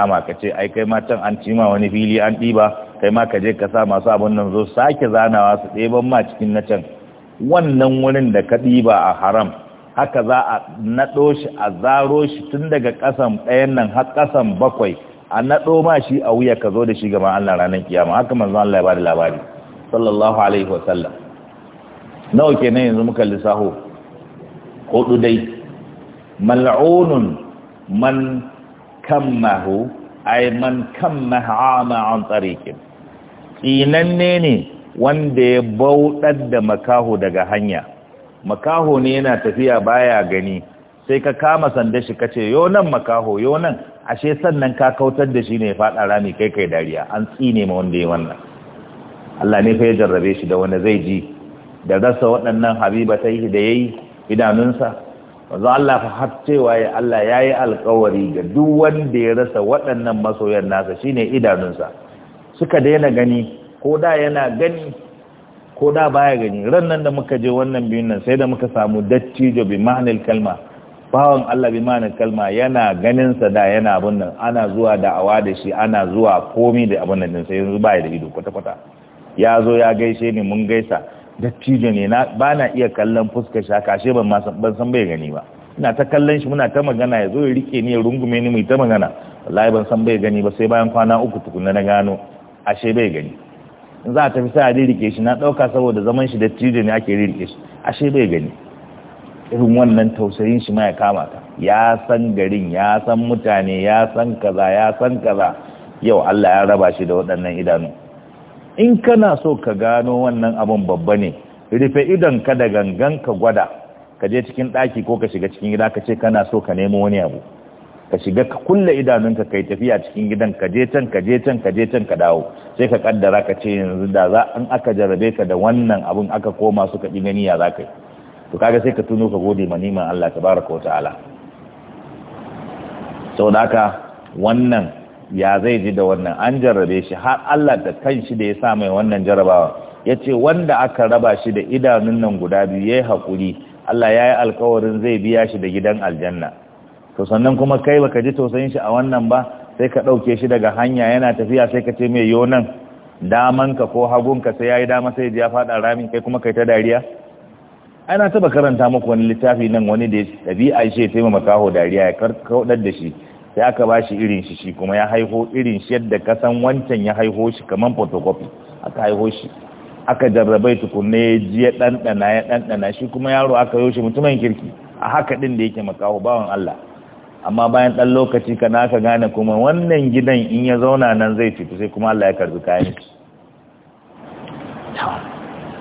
ma ka ce ai kai ma can an cima wani fili an ɗiba kai ma ka je ka sa masu abin nan zo sake zanawa su ɗeban ma cikin na can wannan wurin da ka ɗiba a haram haka za a naɗo shi a zaro shi tun daga ƙasan ɗayan nan har ƙasan bakwai a naɗo ma shi a wuya ka zo da shi gaban Allah ranar kiyama haka manzo Allah ya bada labari sallallahu alaihi wa sallam nawa kenan yanzu muka lissaho hudu dai mal'unun man kammahu ai man kamma ama an tsarikin tsinanne ne wanda ya bauɗar da makaho daga hanya makaho ne yana tafiya baya gani sai ka kama sanda shi kace yo nan makaho yo nan ashe sannan ka kautar da shi ne faɗa rami kai kai dariya an tsine ma wanda ya wannan Allah ne fa ya jarrabe shi da wanda zai ji da rasa waɗannan habibatai da yayi idanunsa wanzu Allah fa har cewa ya Allah ya yi alkawari ga duk wanda ya rasa waɗannan masoyan nasa shine idanunsa suka daina gani ko da yana gani ko da baya gani ran nan da muka je wannan biyun nan sai da muka samu dattijo bi ma'anil kalma bawan Allah bi ma'anil kalma yana ganin sa da yana abun nan ana zuwa da'awa da shi ana zuwa komi da abun nan sai yanzu baya da ido kwata kwata ya zo ya gaishe ni mun gaisa dattijo ne na ba na iya kallon fuskar shi haka ashe ban ban san bai gani ba ina ta kallon shi muna ta magana ya zo ya rike ni ya rungume ni mu ta magana wallahi ban san bai gani ba sai bayan kwana uku tukuna na gano ashe bai gani in za a tafi sai a ririke shi na ɗauka saboda zaman shi dattijo ne ake ririke shi ashe bai gani irin wannan tausayin shi ma ya kama ka ya san garin ya san mutane ya san kaza ya san kaza yau Allah ya raba shi da waɗannan idanu in kana so ka gano wannan abun babba ne rufe idon ka da gangan ka gwada ka je cikin ɗaki ko ka shiga cikin gida ka ce kana so ka nemo wani abu ka shiga ka kulle idanunka kai tafiya cikin gidan ka je can ka je can ka je can ka dawo sai ka kaddara ka ce yanzu da za an aka jarabe ka da wannan abun aka koma suka ɗi gani ya za ka yi to kaga sai ka tuno ka gode ma niman Allah tabaraka wa ta'ala sau da haka wannan ya zai ji da wannan an jarrabe shi har Allah da kanshi da ya sa mai wannan jarrabawa Ya ce wanda aka raba shi da idanun nan guda biyu ya yi hakuri Allah yayi alkawarin zai biya shi da gidan aljanna to sannan kuma kai baka ji tausayin shi a wannan ba sai ka ɗauke shi daga hanya yana tafiya sai ka ce mai yo nan ka ko hagunka sai yayi dama sai ya fada ramin kai kuma kai ta dariya ana taba karanta muku wani littafi nan wani da ɗabi'a ce taimaka makaho dariya ya kaudar da shi sai aka ba shi irin shi shi kuma ya haiho irin shi yadda kasan wancan ya haiho shi kamar photocopy aka haiho shi aka jarrabai tukunne ya ji ya ɗanɗana ya ɗanɗana shi kuma yaro aka yau shi mutumin kirki a haka ɗin da yake makaho bawan Allah amma bayan ɗan lokaci ka na ka gane kuma wannan gidan in ya zauna nan zai fito sai kuma Allah ya karbi kayan shi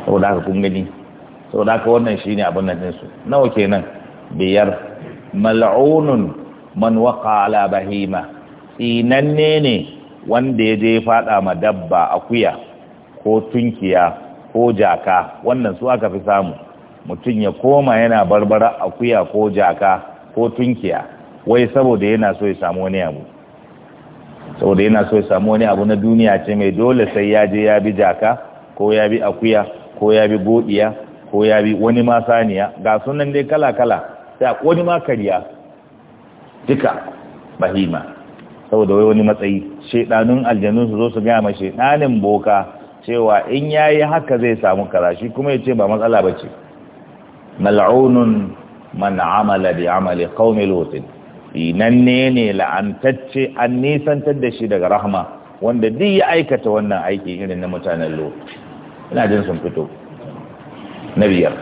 saboda haka kun gani saboda haka wannan shine abin nan ɗinsu nawa kenan biyar mal'unun man waka ala bahima tsinanne ne wanda ya je fada ma dabba akuya ko tunkiya ko jaka wannan su aka fi samu mutum ya koma yana barbara akuya ko jaka ko tunkiya wai saboda yana so ya samu wani abu saboda yana so ya samu wani abu na duniya ce mai dole sai ya je ya bi jaka ko ya bi akuya ko ya bi godiya ko ya bi wani ma saniya ga sunan dai kala kala sai wani ma kariya duka bahima saboda wai wani matsayi shedanun aljanun su zo su gaya ma shedanin boka cewa in yayi haka zai samu karashi kuma kuma yace ba matsala bace mal'unun man amala bi amali qaumi lut inanne ne la'antacce an nisantar da shi daga rahma wanda duk ya aikata wannan aiki irin na mutanen lut ina jin sun fito na biyar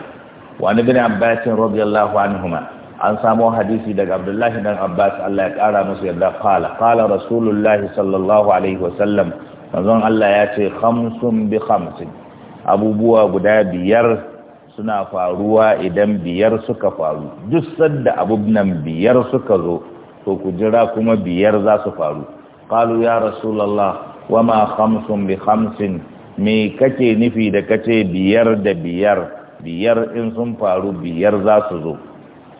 wa bin abbasin radiyallahu anhuma an samo hadisi daga abdullahi dan abbas allah ya kara musu yadda kala kala rasulullahi sallallahu alaihi wasallam manzon allah ya ce khamsun bi khamsin abubuwa guda biyar suna faruwa idan biyar suka faru duk sadda abubuwan biyar suka zo to ku jira kuma biyar za su faru qalu ya rasulullah wama khamsun bi khamsin me kake nufi da kace biyar da biyar biyar in sun faru biyar za su zo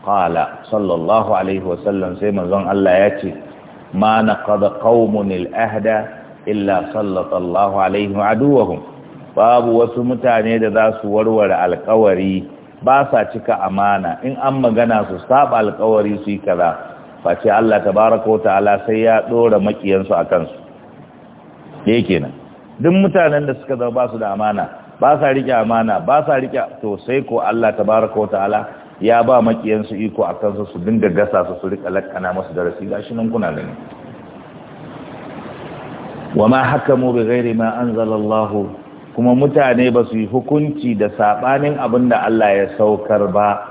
qala sallallahu alaihi wasallam sai manzon Allah ya ce ma naqada qaumun al-ahda illa sallallahu alaihi wa babu wasu mutane da za su warware alkawari ba sa cika amana in an magana su saba alkawari su yi kaza face Allah tabaraka wa ta'ala sai ya dora makiyansu akan su dai kenan duk mutanen da suka zama ba su da amana ba sa rike amana ba sa rike to sai ko Allah tabaraka wa ta'ala ya ba makiyansu iko a kansu su dinga gasa su su rika lakana masu darasi shi nan kuna gani wa ma hakamu bi ghairi ma anzalallahu kuma mutane ba su yi hukunci da sabanin abin da Allah ya saukar ba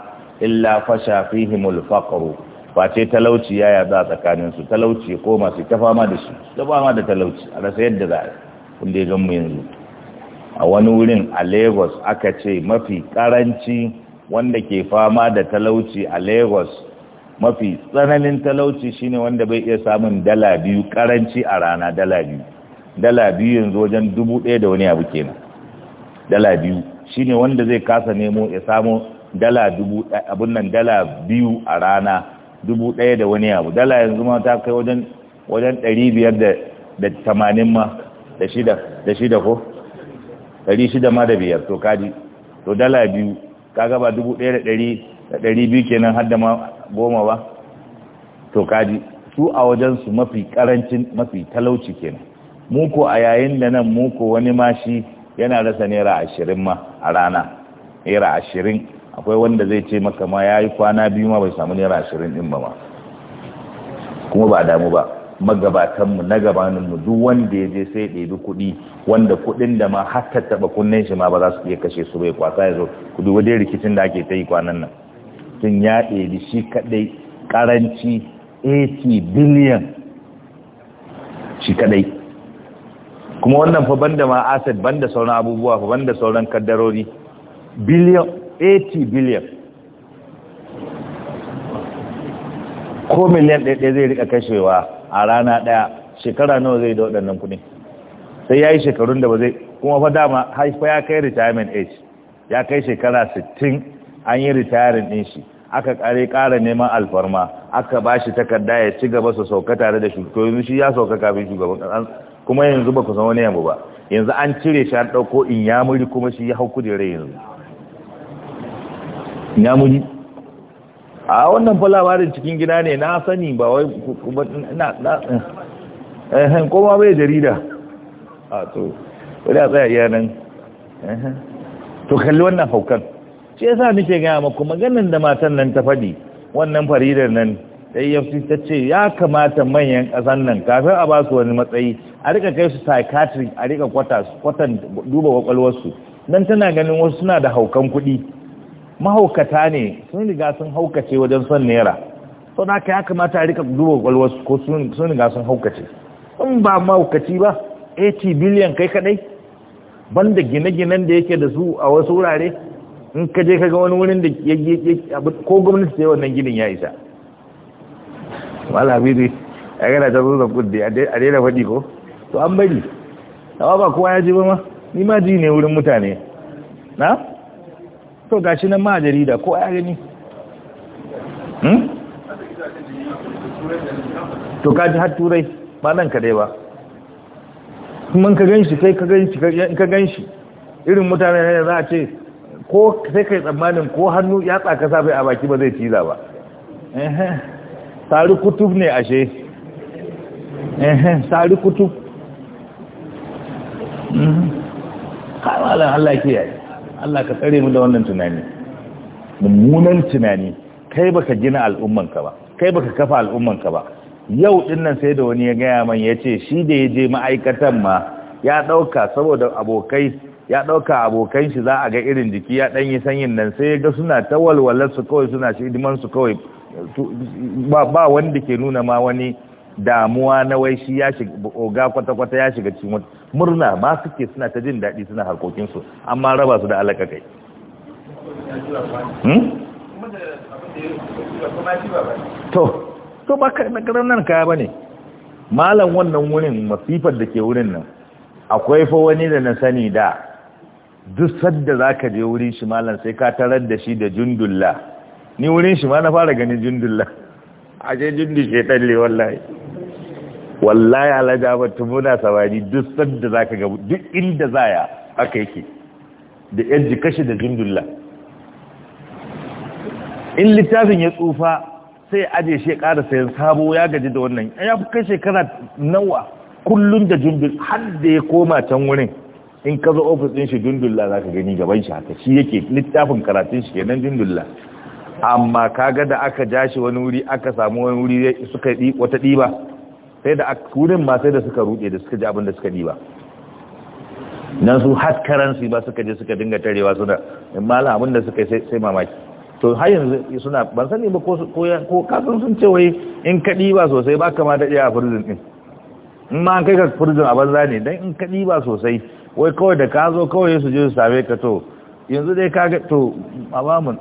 illa fasha fihimul faqru face talauci ya yaza tsakanin su talauci ko masu ta fama da shi ta fama da talauci a rasa yadda za a kun dai gan mu yanzu a wani wurin a Lagos aka ce mafi karanci wanda ke fama da talauci a lagos mafi tsananin talauci shine wanda bai iya samun dala biyu karanci a rana dala biyu dala biyu yanzu wajen dubu ɗaya da wani abu kenan dala biyu shine wanda zai kasa nemo ya samu dala dubu abun nan dala biyu a rana dubu ɗaya da wani abu dala yanzu ma ta kai wajen wajen ɗari biyar da tamanin ma da shida da shida ko ɗari shida ma da biyar to kaji to dala biyu kaga ba dubu ɗaya da ɗari da ɗari biyu kenan har da ma goma ba to kaji su a wajen su mafi karancin mafi talauci kenan muku a yayin da nan muku wani mashi yana rasa naira ashirin ma a rana naira ashirin akwai wanda zai ce maka ma ya yi kwana biyu ma bai samu naira ashirin din ba ma kuma ba damu ba magabatanmu na gabaninmu duk wanda ya je sai ɗebi kuɗi wanda kuɗin da ma har taɓa kunnen shi ma ba za su iya kashe su bai kwasa ya zo ku duba dai rikicin da ake ta yi kwanan nan tun ya ɗebi shi kaɗai ƙaranci 80 biliyan shi kaɗai kuma wannan fa banda ma asset banda sauran abubuwa fa banda sauran kaddarori biliyan 80 biliyan ko miliyan ɗaya zai rika kashewa a rana ɗaya shekara nawa zai da waɗannan kuɗi sai ya yi shekarun da ba zai kuma fa dama haifa ya kai retirement age ya kai shekara 60 an yi retiring ɗin shi aka kare ƙara neman alfarma aka ba shi takarda ya ci gaba su sauka tare da shugaban shi ya sauka kafin shugaban ƙasa kuma yanzu ba ku san wani yamma ba yanzu an cire shi an ɗauko in yamuri kuma shi ya hau kujere yanzu yamuri a wannan fa labarin cikin gida ne na sani ba wai na eh kuma bai jarida a to wani a tsaya iya eh, to kalli wannan haukan shi yasa nake gaya maku Maganar da matan nan ta faɗi wannan faridar nan AFC ta ce ya kamata manyan ƙasan nan kafin a ba su wani matsayi a rika kai su psychiatric a rika kwata duba kwakwalwarsu Nan tana ganin wasu suna da haukan kuɗi mahaukata ne sun riga sun haukace wajen son naira sau da aka ya kamata a rika duba kwalwarsu ko sun riga sun haukace in ba mahaukaci ba 80 biliyan kai kadai banda gine-ginen da yake da su a wasu wurare in ka je kaga wani wurin da ya ko gwamnati da wannan ginin ya isa wala ya gana ta zuwa kudi a daina faɗi ko to an bari amma ba kowa ya ji ba ma ni ma ji ne wurin mutane na? to gashi nan ma jarida ko ya gani hmm? to kaji har turai ba nan dai ba kuma ka ganshi kai ka ganshi ka ganshi irin mutane ne za a ce ko sai kai tsammanin ko hannu ya tsaka sa bai a baki ba zai ciza ba sari kutub ne ashe sari kutub hmm. kamalan Allah ke yayi Allah ka tsare mu da wannan tunani mummunan tunani kai baka gina al'ummanka ba kai baka kafa al'ummanka ba yau dinnan sai da wani ya gaya man ya ce shi da ya je ma'aikatan ma ya ɗauka saboda abokai ya ɗauka abokan shi za a ga irin jiki ya ɗanyi sanyin nan sai ya ga suna ta walwalar su kawai suna shi su kawai ba wanda ke nuna ma wani damuwa na wai shi ya shiga oga kwata-kwata ya shiga cikin wata murna ma suke suna ta jin daɗi suna harkokinsu amma raba su da alaka kai hmm? to to ba karan nan kaya ba ne malam wannan wurin masifar da ke wurin nan akwai fa wani da na sani da duk sadda za ka je wurin shi malam sai ka tarar da shi da jundulla ni wurin shi ma na fara ganin jundulla a je jundu shaitan le wallahi wallahi alhaji ahmad tun muna samari duk sanda za ka gabu duk inda za ya aka yake da yan jikashi da jindullah in littafin ya tsufa sai aje shi ya ƙara sayan sabo ya gaji da wannan ya fi kai shekara nawa kullum da jundul har da ya koma can wurin in ka zo ofis ɗin shi jundulla za ka gani gaban shi haka shi yake littafin karatun shi kenan jundulla amma kaga da aka ja shi wani wuri aka samu wani wuri suka yi wata ɗiba sai da wurin ma sai da suka ruɗe da suka ji abin da suka ba. nan su haskaransu ba suka je suka dinga tarewa suna mala abin da suka sai mamaki to har yanzu suna ban sani ba ko kasan sun ce wai in ka ba sosai ba kama da iya a firzin din in ma an kai ka firzin a banza ne don in ka ba sosai wai kawai da ka zo kawai su je su same ka to yanzu dai ka ga to a mun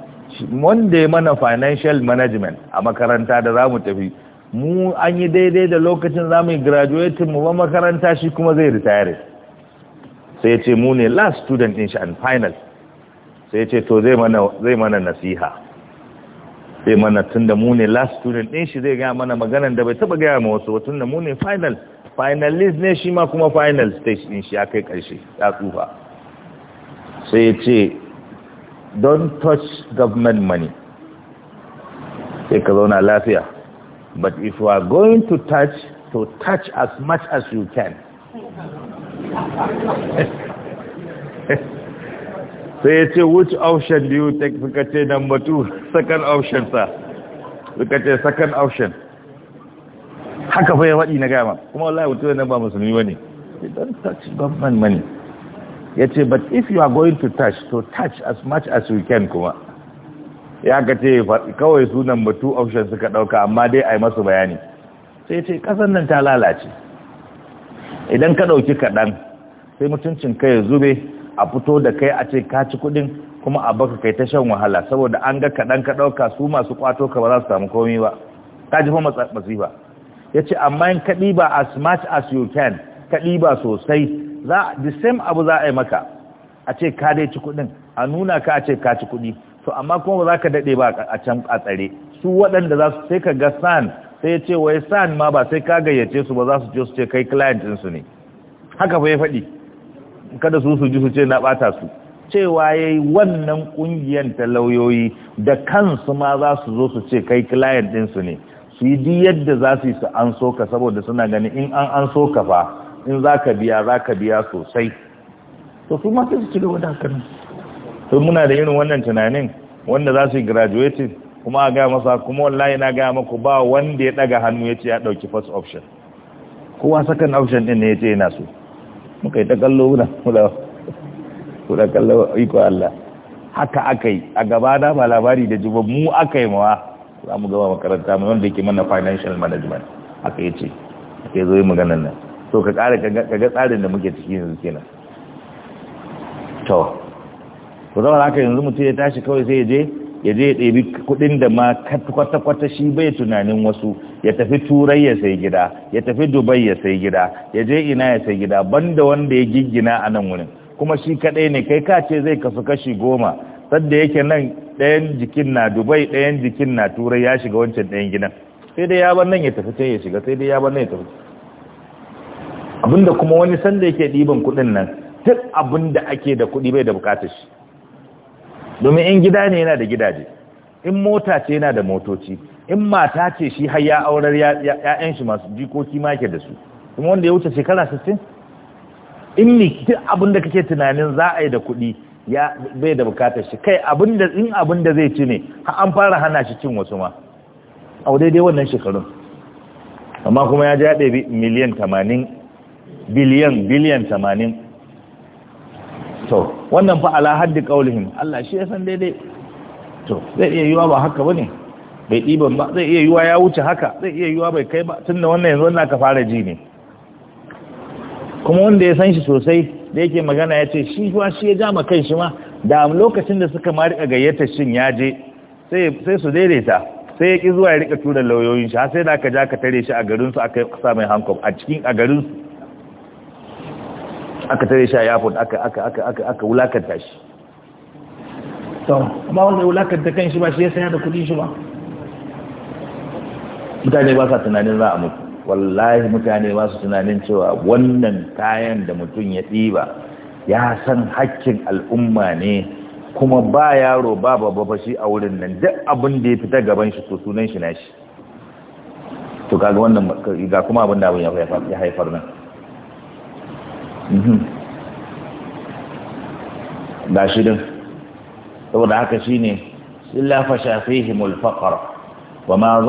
wanda ya mana financial management a makaranta da za mu tafi mu an yi daidai da lokacin za mu yi graduate mu ba makaranta shi kuma zai retire sai ce mu ne last student din shi and final sai ce to zai mana nasiha zai mana tun da mu ne last student din shi zai gaya mana maganan da bai taba gaya ma wasu tun da mu ne final finalist ne shi ma kuma final stage din shi ya kai karshe ya tsufa sai ce don't touch government money sai ka zauna lafiya But if you are going to touch, to touch as much as you can. sai ya ce which option do you take suka ce number two second option sa suka ce second option haka fa ya waɗi na gama kuma wallahi mutum na ba musulmi bane you don't touch government money ya ce but if you are going to touch to touch as much as you can kuma ya ka ce kawai sunan batu option suka ɗauka amma dai a yi masu bayani sai ce ƙasar nan ta lalace idan ka ɗauki kaɗan sai mutuncin kai ya zube a fito da kai a ce ka ci kuɗin kuma a baka kai ta shan wahala saboda an ga kaɗan ka ɗauka su masu ƙwato ka ba za su samu komi ba ka ji kuma masifa ya ce amma in kaɗi ba as much as you can kaɗi ba sosai the same abu za a yi maka a ce ka dai ci kuɗin a nuna ka a ce ka ci kuɗi to amma kuma ba za ka daɗe ba a can a tsare su waɗanda za su sai ka ga san sai ce wai san ma ba sai ka gayyace su ba za su je su ce kai client su ne haka fa ya faɗi kada su su ji su ce na ɓata su cewa ya yi wannan ƙungiyar ta lauyoyi da kansu ma za su zo su ce kai client su ne su yi di yadda za su yi su an soka saboda suna ganin in an an soka fa in za ka biya za ka biya sosai to su ma sai su ci gaba da to muna da irin wannan tunanin wanda za su yi graduate kuma a gaya masa kuma wallahi na gaya maku ba wanda ya daga hannu ya ce ya dauki first option kowa second option din ne ya ce yana so muka yi ta kallo wuna kuda kallo iko Allah haka aka yi a gaba da ba labari da juba mu aka yi mawa za mu gaba makaranta mu wanda yake mana financial management aka yi ce aka yi zo yi maganan nan to ka kare ka ga tsarin da muke ciki yanzu kenan to to zama haka yanzu mutum ya tashi kawai sai ya je ya je ɗabi ɗebi kuɗin da ma kwata-kwata shi bai tunanin wasu ya tafi turai ya sai gida ya tafi dubai ya sai gida ya je ina ya sai gida banda wanda ya giggina a nan wurin kuma shi kaɗai ne kai ka ce zai kasu kashi goma sadda yake nan ɗayan jikin na dubai ɗayan jikin na turai ya shiga wancan ɗayan gidan sai dai ya bar nan ya tafi can ya shiga sai dai ya bar nan ya tafi abinda kuma wani sanda yake ɗiban kuɗin nan duk abinda ake da kuɗi bai da bukatar shi domin in gida ne yana da gidaje in mota ce yana da motoci in mata ce shi har ya aurar ya'yan shi masu jikoki ma ke da su kuma wanda ya wuce shekara 60 in ne duk abin da kake tunanin za a yi da kuɗi ya bai da bukatar shi kai abin da in abin da zai ci ne har an fara hana shi cin wasu ma a daidai wannan shekarun amma kuma ya ji haɗe miliyan 80 biliyan biliyan 80 to wannan fa ala haddi kaulihim Allah shi ya san daidai to zai iya yiwa ba haka bane bai diban ba zai iya yiwa ya wuce haka zai iya yiwa bai kai ba tunda wannan yanzu wannan ka fara ji ne kuma wanda ya san shi sosai da yake magana ya ce shi fa shi ya jama kai shi ma da lokacin da suka ma rika gayyata shin ya je sai sai su daidaita sai ya ki zuwa ya rika tura lauyoyin shi har sai da aka ja ka tare shi a garin su aka sa mai hankali a cikin a garin su aka tare shi a yafon aka aka aka aka aka wulakanta shi to amma wanda wulakanta kan shi ba shi ya saya da kudin shi ba mutane ba sa tunanin za a mutu wallahi mutane ba su tunanin cewa wannan kayan da mutum ya ɗiba ya san haƙƙin al'umma ne kuma ba yaro ba babba ba shi a wurin nan duk abin da ya fita gaban shi to sunan shi na shi to kaga wannan ga kuma abin da abin ya haifar nan Mhm. ga shi din saboda haka shine illa fa shafihim al-faqr ma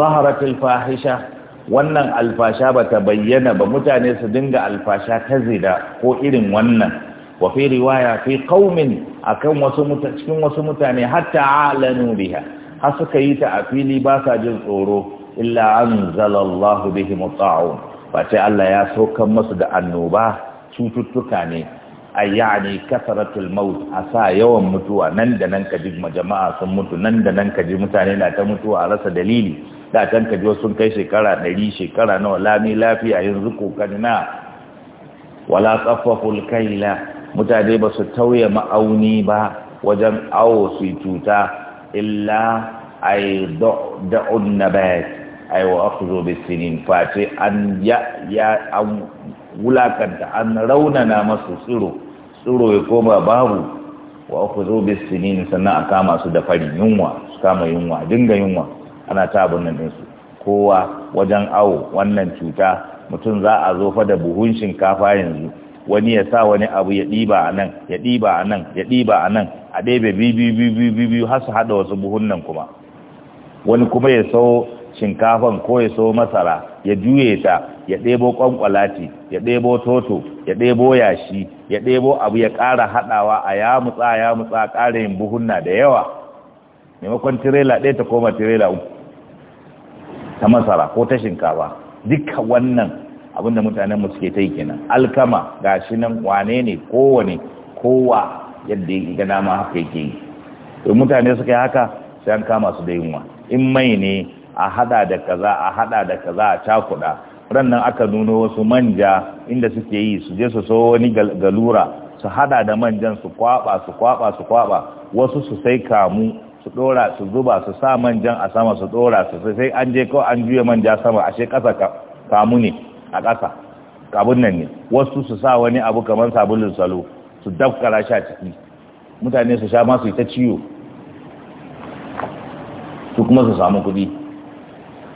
fahisha wannan alfasha bata bayyana ba mutane su dinga alfasha ta zida ko irin wannan wa fi riwaya fi kaumin akan wasu mutane cikin wasu mutane hatta alanu biha ha suka yi ta a fili ba sa jin tsoro illa anzalallahu bihim ta'un ba sai Allah ya saukan masu da annoba cututtuka ne a yani kasaratul maut a sa yawan mutuwa nan da nan ka ji sun mutu nan da nan ka ji mutane na ta mutuwa a rasa dalili da can ka ji wasu sun kai shekara ɗari shekara nawa lami lafiya yanzu kokari na wala tsaffaful kaila mutane ba su tauye ma'auni ba wajen awo su cuta illa ai da'un nabat ai wa akhdhu bis sinin face an an wulakanta an raunana masu tsiro tsiro ya koma babu wa ku zo bis sannan a kama su da fari yunwa su kama yunwa dinga yunwa ana ta abin nan su kowa wajen awo wannan cuta mutum za a zo fa da buhun shinkafa yanzu wani ya sa wani abu ya ɗiba a nan ya ɗiba a nan ya ɗiba a nan a ɗebe biyu biyu biyu biyu har su haɗa wasu buhun nan kuma wani kuma ya sau shinkafan ko ya so masara ya juye ta ya ɗebo ƙwanƙwalati ya ɗebo toto ya ɗebo yashi ya ɗebo abu ya ƙara haɗawa a ya mutsa ya mutsa ƙara yin buhunna da yawa maimakon tirela ɗaya ta koma tirela ta masara ko ta shinkafa duka wannan abinda mutanen mu suke ta yi kenan alkama gashi nan wane ne kowane kowa yadda ya gana ma haka yake yi to mutane suka yi haka sai an kama su da yunwa in mai ne a hada da kaza a hada da kaza a cakuda rannan aka nuno wasu manja inda suke yi su je su so wani galura su hada da manjan su kwaba su kwaba su kwaba wasu su sai kamu su dora su zuba su sa manjan a sama su dora su sai an je ko an juya manja sama ashe kasa kamu ne a kasa kabun nan ne wasu su sa wani abu kamar sabulun salo su dafkara shi a ciki mutane su sha masu ita ciwo su kuma su samu kuɗi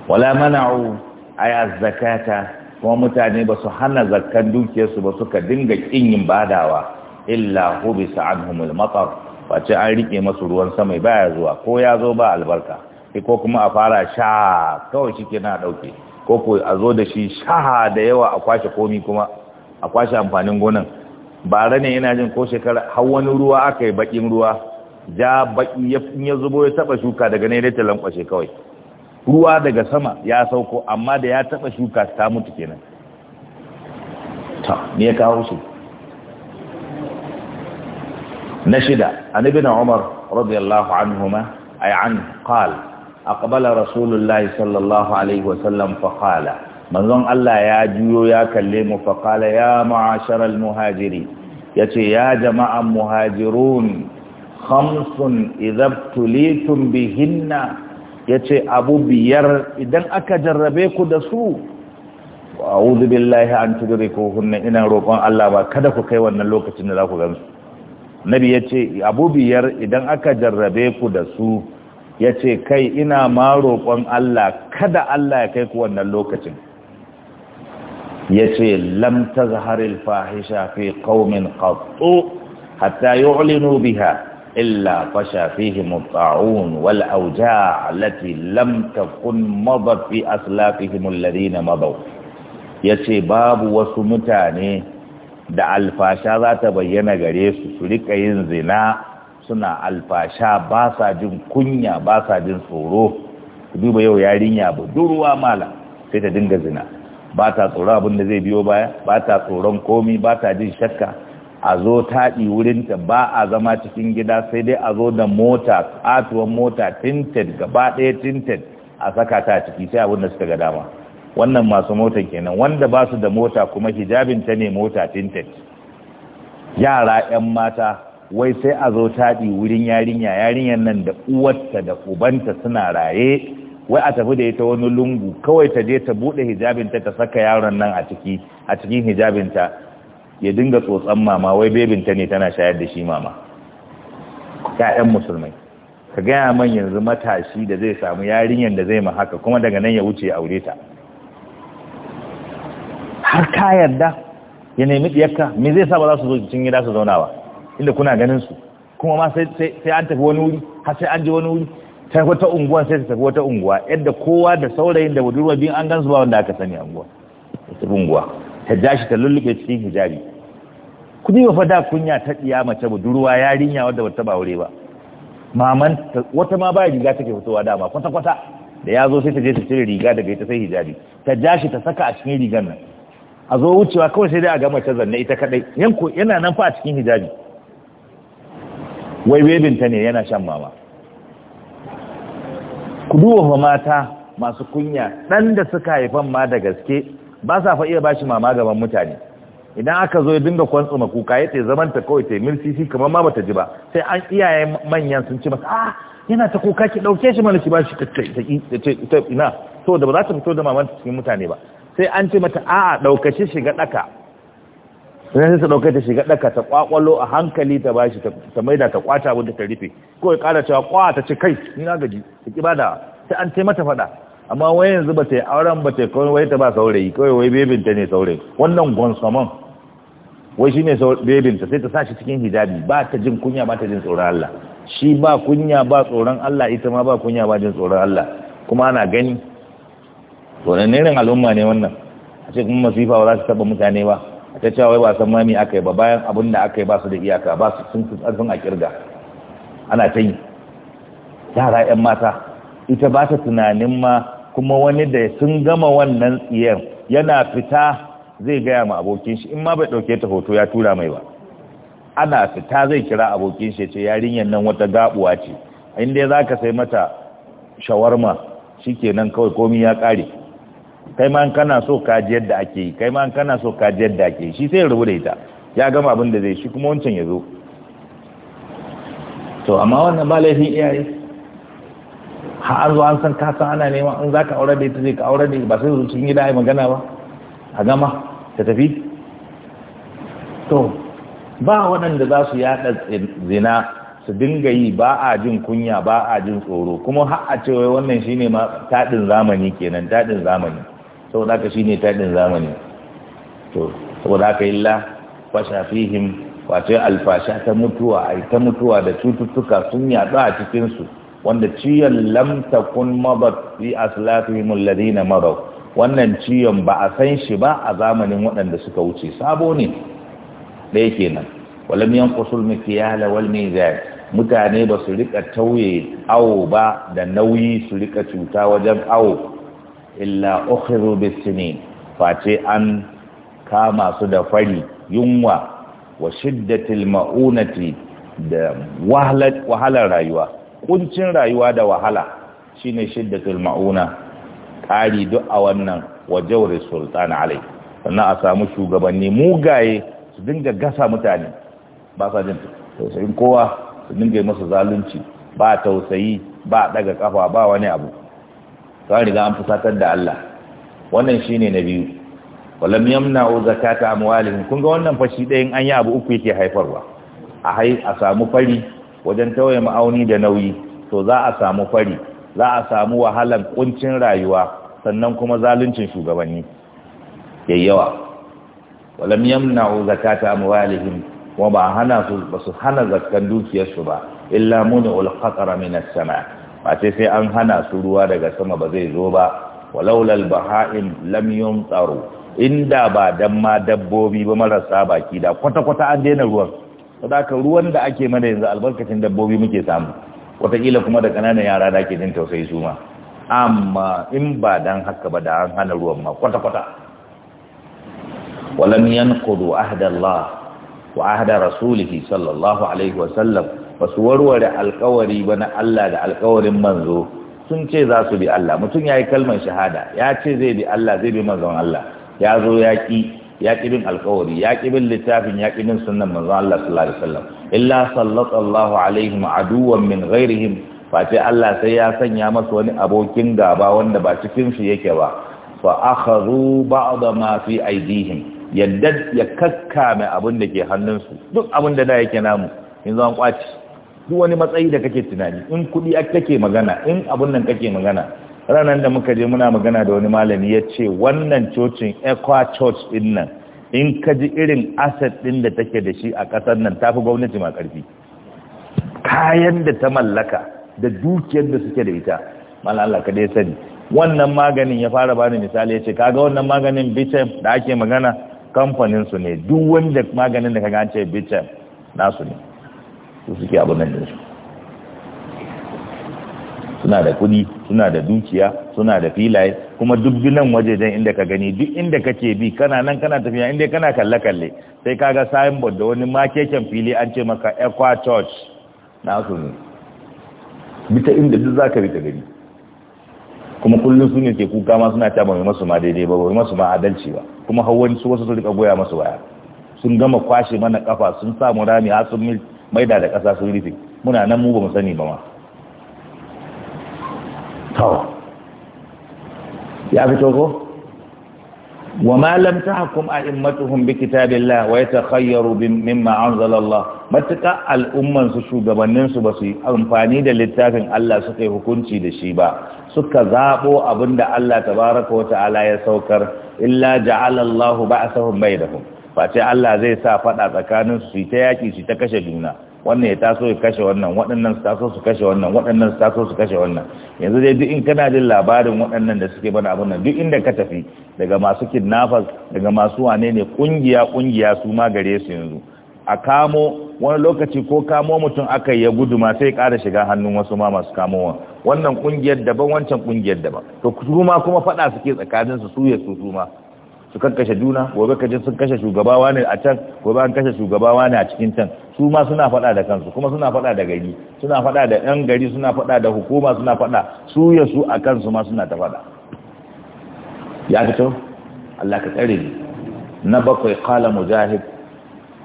wala mana'u aya zakata kuma mutane ba su hana zakkan dukiyarsu ba suka dinga kin yin badawa illa hubisa anhum al-matar ce an rike masu ruwan sama baya zuwa ko ya zo ba albarka ko kuma a fara sha kawai shike na dauke ko ko a zo da shi sha da yawa a kwashe komi kuma a kwashe amfanin gonan ba ne yana jin ko shekara har wani ruwa aka yi bakin ruwa ja baki ya zubo ya taba shuka daga ne da talankwashe kawai ruwa daga sama ya sauko amma da ya taba shuka ta mutu kenan ta me ya kawo su na shida an ibn umar radiyallahu anhuma ay an qal aqbala rasulullah sallallahu alaihi wasallam fa qala manzon Allah ya juyo ya kalle mu fa qala ya ma'asharal muhajiri yace ya jama'an muhajirun khamsun idza tulitum bihinna ya ce abu biyar idan aka jarrabe ku da su wa billahi an tudiri ko hunan ina roƙon Allah ba kada ku kai wannan lokacin da za ku gamsu nabi ya ce abu biyar idan aka jarrabe ku da su ya ce kai ina ma roƙon Allah kada Allah ya kai ku wannan lokacin ya ce lamta zaharil fahisha fi qaumin qattu hatta yu'linu biha إلا فشى فيهم الطاعون والأوجاع التي لم تكن مضت في أسلافهم الذين مضوا yace babu wasu mutane da alfasha za ta bayyana gare su su rika yin zina suna alfasha ba sa jin kunya ba sa jin tsoro ku duba yau yarinya budurwa mala sai ta dinga zina ba ta tsoro abin da zai biyo baya ba ta tsoron komi ba ta jin shakka a zo taɗi wurinta ba a zama cikin gida sai dai a zo da mota katuwan mota tinted gaba ɗaya tinted a saka ta ciki sai abin da suka ga dama wannan masu mota kenan wanda ba su da mota kuma hijabin ta ne mota tinted yara 'yan mata wai sai a zo taɗi wurin yarinya yarinyar nan da uwarta da ubanta suna raye wai a tafi da ita wani lungu kawai ta je ta buɗe hijabinta ta saka yaron nan a ciki a cikin hijabinta ya dinga tsotsan mama wai bebinta ne tana shayar da shi mama yayan musulmai ka gaya man yanzu matashi da zai samu yarinyar da zai ma haka kuma daga nan ya wuce aure ta har ka yarda ya nemi diyarka me zai sa ba za su zo cikin gida su zauna ba inda kuna ganin su kuma ma sai an tafi wani wuri har sai an ji wani wuri ta wata unguwa sai ta tafi wata unguwa yadda kowa da saurayin da budurwa biyu an gansu ba wanda aka sani unguwa ta jashi ta lullube cikin hijabi ku ba da kunya ta tsiya mace budurwa yarinya wadda bata ba aure ba maman wata ma ba riga take fitowa dama kwata kwata da ya zo sai ta je ta cire riga daga ita sai hijabi ta jashi ta saka a cikin rigan nan a zo wucewa kawai sai dai a ga mace zanne ita kadai yanko yana nan fa a cikin hijabi wai ta ne yana shan mama ku duba mata masu kunya dan da suka haifan ma da gaske ba sa fa iya bashi mama gaban mutane idan aka zo ya dinga ma kuka ya ce zaman ta kawai ta milcisi kamar ma bata ji ba sai an iyaye manyan sun ci masa ah yana ta kuka ki dauke shi mana ki bashi ta ta ina to da ba za ta fito da mamanta cikin mutane ba sai an ce mata a'a shi shiga daka sai ta dauke ta shiga daka ta kwakwalo a hankali ta bashi ta maida ta kwata wanda ta rufe ko ya kara cewa kwa ta ci kai ni na gaji ki bada sai an ce mata fada amma wai yanzu ba ta yi auren ba ta yi kawai wai ta ba saurayi kawai wai bebinta ne saurayi wannan gonsoman wai shi ne bebinta sai ta sa shi cikin hijabi ba ta jin kunya ba ta jin tsoron Allah shi ba kunya ba tsoron Allah ita ma ba kunya ba jin tsoron Allah kuma ana gani tsoron nerin al'umma ne wannan a ce kuma masifa ba za su taba mutane ba a ta cewa wai ba san mami aka yi ba bayan abin da aka yi ba su da iyaka ba su sun sun a kirga ana ta yi yara 'yan mata ita ba ta tunanin ma kuma wani da sun gama wannan tsiyan yana fita zai gaya ma abokin shi in ma bai ɗauke ta hoto ya tura mai ba ana fita zai kira abokin shi ce yarinyar nan wata gabuwa ce inda za ka sai mata shawarma shi nan kawai komi ya ƙare kai ma kana so ka ji yadda ake yi kai ma kana so ka ji yadda ake yi shi sai ya da ita ya gama abin da zai shi kuma wancan ya zo to amma wannan ba laifin iyaye har zo an san ka san ana nema in zaka aure da ita zai ka aure da ba sai su cikin gida ai magana ba a gama ta tafi to ba waɗanda za su yaɗa zina su dinga yi ba a jin kunya ba a jin tsoro kuma har a ce wai wannan shine ma taɗin zamani kenan taɗin zamani saboda haka shine taɗin zamani to saboda haka illa fasha fihim wace alfasha ta mutuwa ai ta mutuwa da cututtuka sun yaɗu a cikin su wanda ciyan Lamta takun mabat fi aslatihim alladhina madaw wannan ciyon ba a san shi ba a zamanin waɗanda suka wuce sabo ne ɗaya kenan walam yanqusul mikyala wal mizan mutane ba su rika tauye awo ba da nauyi su rika cuta wajen awo illa ukhiru bisinin face an kama su da fari yunwa wa shiddatil ma'unati da wahalar rayuwa kuncin rayuwa da wahala shine shiddatul mauna ƙari duk a wannan wajawar sultan alai sannan a samu shugabanni mugaye su dinga gasa mutane ba sa jin tausayin kowa su dinga masa zalunci ba tausayi ba daga ƙafa, ba wani abu ta riga an fusatar da Allah wannan shi ne na biyu na o zakata amwalihim kun ga wannan fashi ɗayan an yi abu uku yake haifarwa a a samu fari wajen tauye ma'auni da nauyi to za a samu fari za a samu wahalan kuncin rayuwa sannan kuma zaluncin shugabanni ke yawa walam yamna'u zakata amwalihim wa ba hana su basu hana zakkan dukiyarsu ba illa mun'ul qatara min as-sama ba sai sai an hana su ruwa daga sama ba zai zo ba walaula al-baha'im lam yumtaru inda ba dan ma dabbobi ba marasa baki da kwata-kwata an daina ruwan saboda ruwan da ake mana yanzu albarkacin dabbobi muke samu wataƙila kuma da kananan yara da ake jin tausayi su ma amma in ba dan haka ba da an hana ruwan ma kwata-kwata ولم ينقضوا عهد الله وعهد رسوله صلى الله عليه وسلم وسورور القوري بنا allah da alkawarin manzo sun ce za su bi Allah mutum ya yi kalmar shahada ya ce zai bi Allah zai bi manzon Allah ya zo ya ki ya bin alƙawari ya bin littafin ya bin sunnan manzo Allah sallallahu alaihi wasallam illa sallallahu alaihim aduwan min ghairihim ce Allah sai ya sanya masa wani abokin gaba wanda ba cikin shi yake ba fa akhadhu ba'd ma fi aidihim yadda ya mai abin da ke hannunsu duk abin da da yake namu in zan kwaci duk wani matsayi da kake tunani in kudi ake magana in abun nan kake magana ranar da muka je muna magana da wani malami ya ce wannan cocin equa church din nan in ka ji irin asset din da take da shi a kasar nan tafi gwamnati ma ƙarfi kayan da ta mallaka da dukiyar da suke da ita mala Allah ka dai sani wannan maganin ya fara bani misali ya ce kaga wannan maganin bitam da ake magana kamfanin su ne duk wanda maganin da kaga an ce bitam nasu ne su suke abin nan da su suna da kuɗi suna da dukiya suna da filaye kuma duk nan wajejen inda ka gani duk inda kake bi kana nan kana tafiya inda kana kalle kalle sai kaga signboard da wani makeken fili an ce maka Equa Church na su ne bita inda duk zaka bi ta gani kuma kullum su ke kuka ma suna ta mai masu ma daidai ba masu ma adalci ba kuma hawan su wasu su rika goya masu waya sun gama kwashe mana kafa sun samu rami har sun maida da kasa sun rufe muna nan mu ba mu sani ba ma ya fito ko wa ma lam tahkum a'immatuhum bi kitabillah wa yatakhayyaru mimma anzala Allah mataka al'umman su shugabannin su basu amfani da littafin Allah suka yi hukunci da shi ba suka zabo abinda Allah tabaraka wa ta'ala ya saukar illa ja'ala Allahu ba'sahum bainahum fa sai Allah zai sa fada tsakanin su ta yaki su ta kashe juna wannan ya taso ya kashe wannan waɗannan su taso su kashe wannan waɗannan su taso su kashe wannan yanzu dai duk in kana jin labarin waɗannan da suke bana abin nan duk inda ka tafi daga masu kidnappers daga masu wane ne kungiya kungiya su ma gare su yanzu a kamo wani lokaci ko kamo mutum aka yi ya gudu ma sai ƙara shiga hannun wasu ma masu kamowa wannan kungiyar daban wancan kungiyar daban to su ma kuma faɗa suke tsakanin su suya su su ma su kakkashe juna gobe kaje sun kashe shugabawa ne a can gobe an kashe shugabawa ne a cikin can su ma suna faɗa da kansu kuma suna faɗa da gari suna faɗa da ɗan gari suna faɗa da hukuma suna faɗa su ya su a kansu ma suna ta faɗa ya fito Allah ka tsare ni na bakwai qala mujahid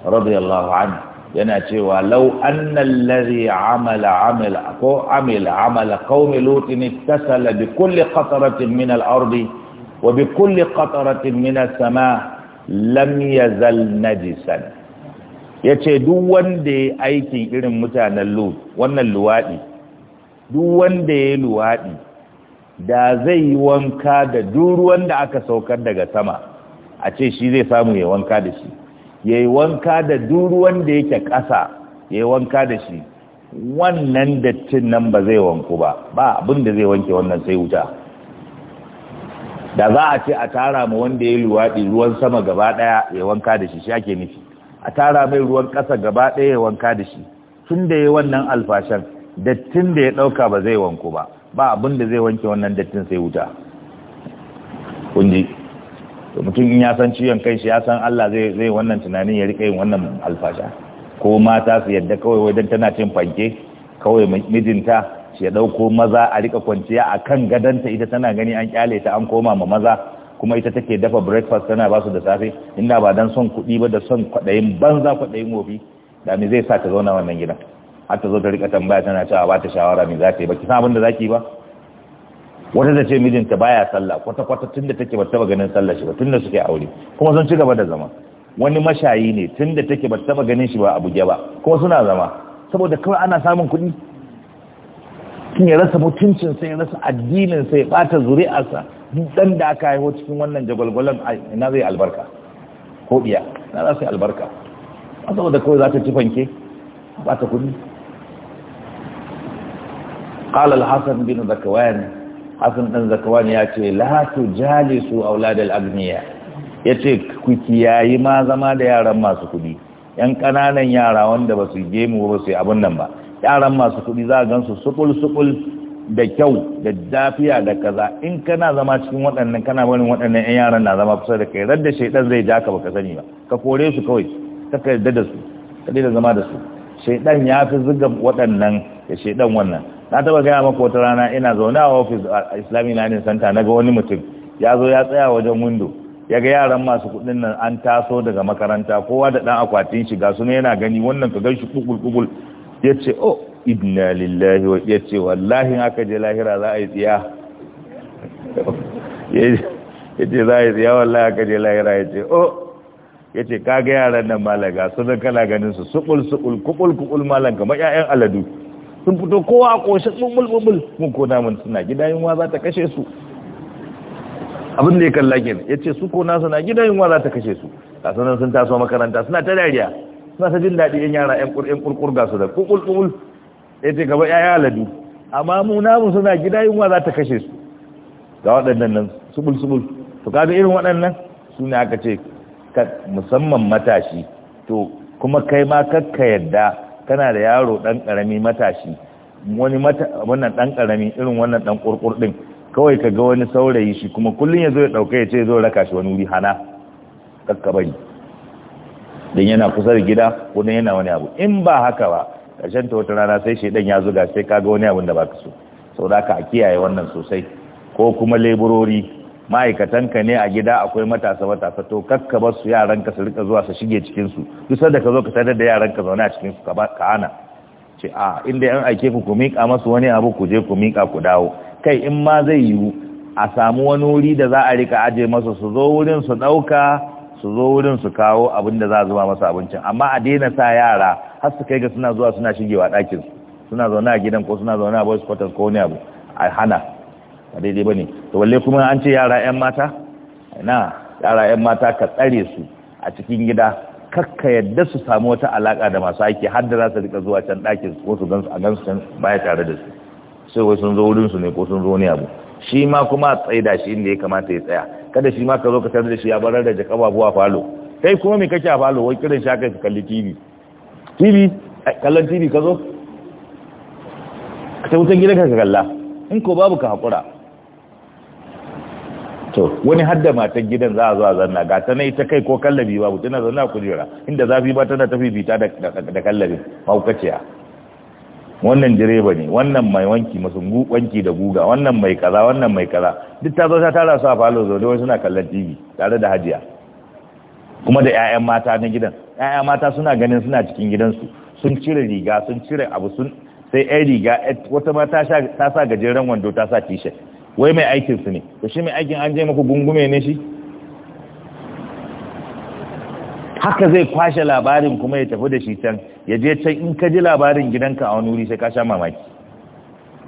radiyallahu anhu yana cewa law anna allazi amala amala ko amila amala qaumi lutin tasala bi kulli qataratin min al-ardi wa bi kulli qataratin min as-sama lam yazal najisan ya ce duk wanda ya aiki irin mutanen lut wannan luwaɗi duk wanda ya luwaɗi da zai yi wanka da duruwan da aka saukar daga sama a ce shi zai samu ya wanka da shi ya yi wanka da duruwan da yake ƙasa ya yi wanka da shi wannan dattin nan ba zai wanku ba ba abin da zai wanke wannan sai wuta da za a ce a tara ma wanda ya luwaɗi ruwan sama gaba ɗaya ya wanka da shi shi ake nufi a tara mai ruwan ƙasa gaba ɗaya wanka da shi tun da ya wannan alfashan dattin da ya ɗauka ba zai wanku ba ba abin da zai wanke wannan dattin sai wuta kunji to mutum in ya san ciwon kai shi ya san Allah zai zai wannan tunanin ya rika yin wannan alfasha ko mata su yadda kawai wajen tana cin fanke kawai mijinta shi ya ɗauko maza a rika kwanciya a kan gadonta ita tana gani an kyale ta an koma ma maza kuma ita take dafa breakfast tana ba su da safe inda ba dan son kuɗi ba da son kwaɗayin banza kwaɗayin wofi da me zai sa ta zauna wannan gidan har ta zo ta rika tambaya tana cewa ba ta shawara me za ta yi ba ki san abin da za ki ba wata ta ce mijinta baya sallah kwata kwata tunda take ba taba ganin sallah shi ba tunda suke aure kuma sun ci gaba da zama wani mashayi ne tunda take ba taba ganin shi ba a buge ba kuma suna zama saboda kawai ana samun kuɗi kin ya rasa mutuncin sai ya rasa addinin sai ya bata zuri'arsa dan da aka haihu cikin wannan jagwalgwalon ina zai albarka ko biya na za su yi albarka a saboda kawai za ta ci fanke ba ta kudi ƙala alhassan bin ذكوان Hassan ɗan zakawan ya ce lahatu su auladal agniya ya ce ku kiyayi ma zama da yaran masu kuɗi yan ƙananan yara wanda ba su gemu ba su yi abin nan ba yaran masu kuɗi za a gansu sukul sukul da kyau da dafiya da kaza in kana zama cikin waɗannan kana barin waɗannan ƴan yaran na zama kusa da kai da shaidan zai ja ka baka sani ba ka kore su kawai ka yarda da su ka daina zama da su shaidan ya fi zuga waɗannan da shaidan wannan na taba gaya maka wata rana ina zaune a ofis a islamic learning center na ga wani mutum ya zo ya tsaya wajen windo ya ga yaran masu kuɗin nan an taso daga makaranta kowa da ɗan akwatin shiga su yana gani wannan ka gan shi kugul yace ya ce oh inna lillahi wa ya ce wallahi aka je lahira za a yi tsiya ya ce za a yi tsiya wallahi aka je lahira ya ce o oh. ya ce kaga yaran nan malaga sun da kala ganin su sukul sukul kubul kubul malan kamar 'ya'yan aladu sun fito kowa a ƙoshin bumbul bumbul mun ko namun suna gida yunwa za ta kashe su abin da ya kalla kenan ya ce su ko nasu suna gida yunwa za ta kashe su a sanar sun taso makaranta suna ta dariya suna sa jin daɗi yan yara yan kurkur ga su da kukul kukul ya ce gaba yaya aladu amma mu namu suna gida yunwa za ta kashe su ga waɗannan nan subul-subul to kaga irin waɗannan su ne aka ce musamman matashi to kuma kai ma kakka yadda kana da yaro ɗan ƙarami matashi wani wannan ɗan ƙarami irin wannan ɗan ƙurƙur ɗin kawai ka ga wani saurayi shi kuma kullum ya zo ya ɗauka ya ce zo raka shi wani wuri hana kakka bari don yana kusa da gida ko don yana wani abu in ba haka ba Karshen ta wata rana sai shaidan ya zuga sai ka ga wani abin da baka so sau da ka a kiyaye wannan sosai ko kuma leburori Ma'aikatan ka ne a gida akwai matasa matasa to kakka ba su yaranka su rika zuwa su shige cikin su duk sanda ka zo ka tare da yaranka zaune a cikin su ka ana ce a inda yan aike ku ku mika masu wani abu ku je ku mika ku dawo kai in ma zai yiwu a samu wani wuri da za a rika aje masa su zo wurin su ɗauka su zo wurin su kawo abin da za a zuba masa abincin amma a daina sa yara har su kai ga suna zuwa suna shigewa ɗakin suna zaune a gidan ko suna zaune a boys quarters ko wani abu a hana a daidai ba ne to walle kuma an ce yara 'yan mata na yara 'yan mata ka tsare su a cikin gida kakka yadda su samu wata alaka da masu aiki har da za su rika zuwa can ɗakin ko su gansu a gansu can baya tare da su sai wai sun zo wurin su ne ko sun zo ne abu shi ma kuma a tsaida shi inda ya kamata ya tsaya kada shi ma ka zo ka sanar da shi ya barar da kababuwa falo kai kuma me kake a falo wai kiran shaka ka kalli tv tv kallon tv ka zo ka ta wutan gidanka ka kalla in ko babu ka haƙura to wani hadda matan gidan za a zo a zanna ga ta na ita kai ko kallabi babu tana zanna kujera inda zafi ba tana tafi bita da kallabi maukaciya wannan direba ne wannan mai wanki masungu wanki da guga wannan mai kaza wannan mai kaza duk ta zo ta tara su a falo zo dai suna kallon TV tare da hajiya kuma da ƴaƴan mata na gidan ƴaƴan mata suna ganin suna cikin gidansu sun cire riga sun cire abu sun sai ƴan riga wata ma ta sa gajeren wando ta sa t-shirt wai mai aikin su ne to shi mai aikin an je muku gungume ne shi haka zai kwashe labarin kuma ya tafi da shi can ya je can in ka ji labarin gidanka a wani wuri sai ka sha mamaki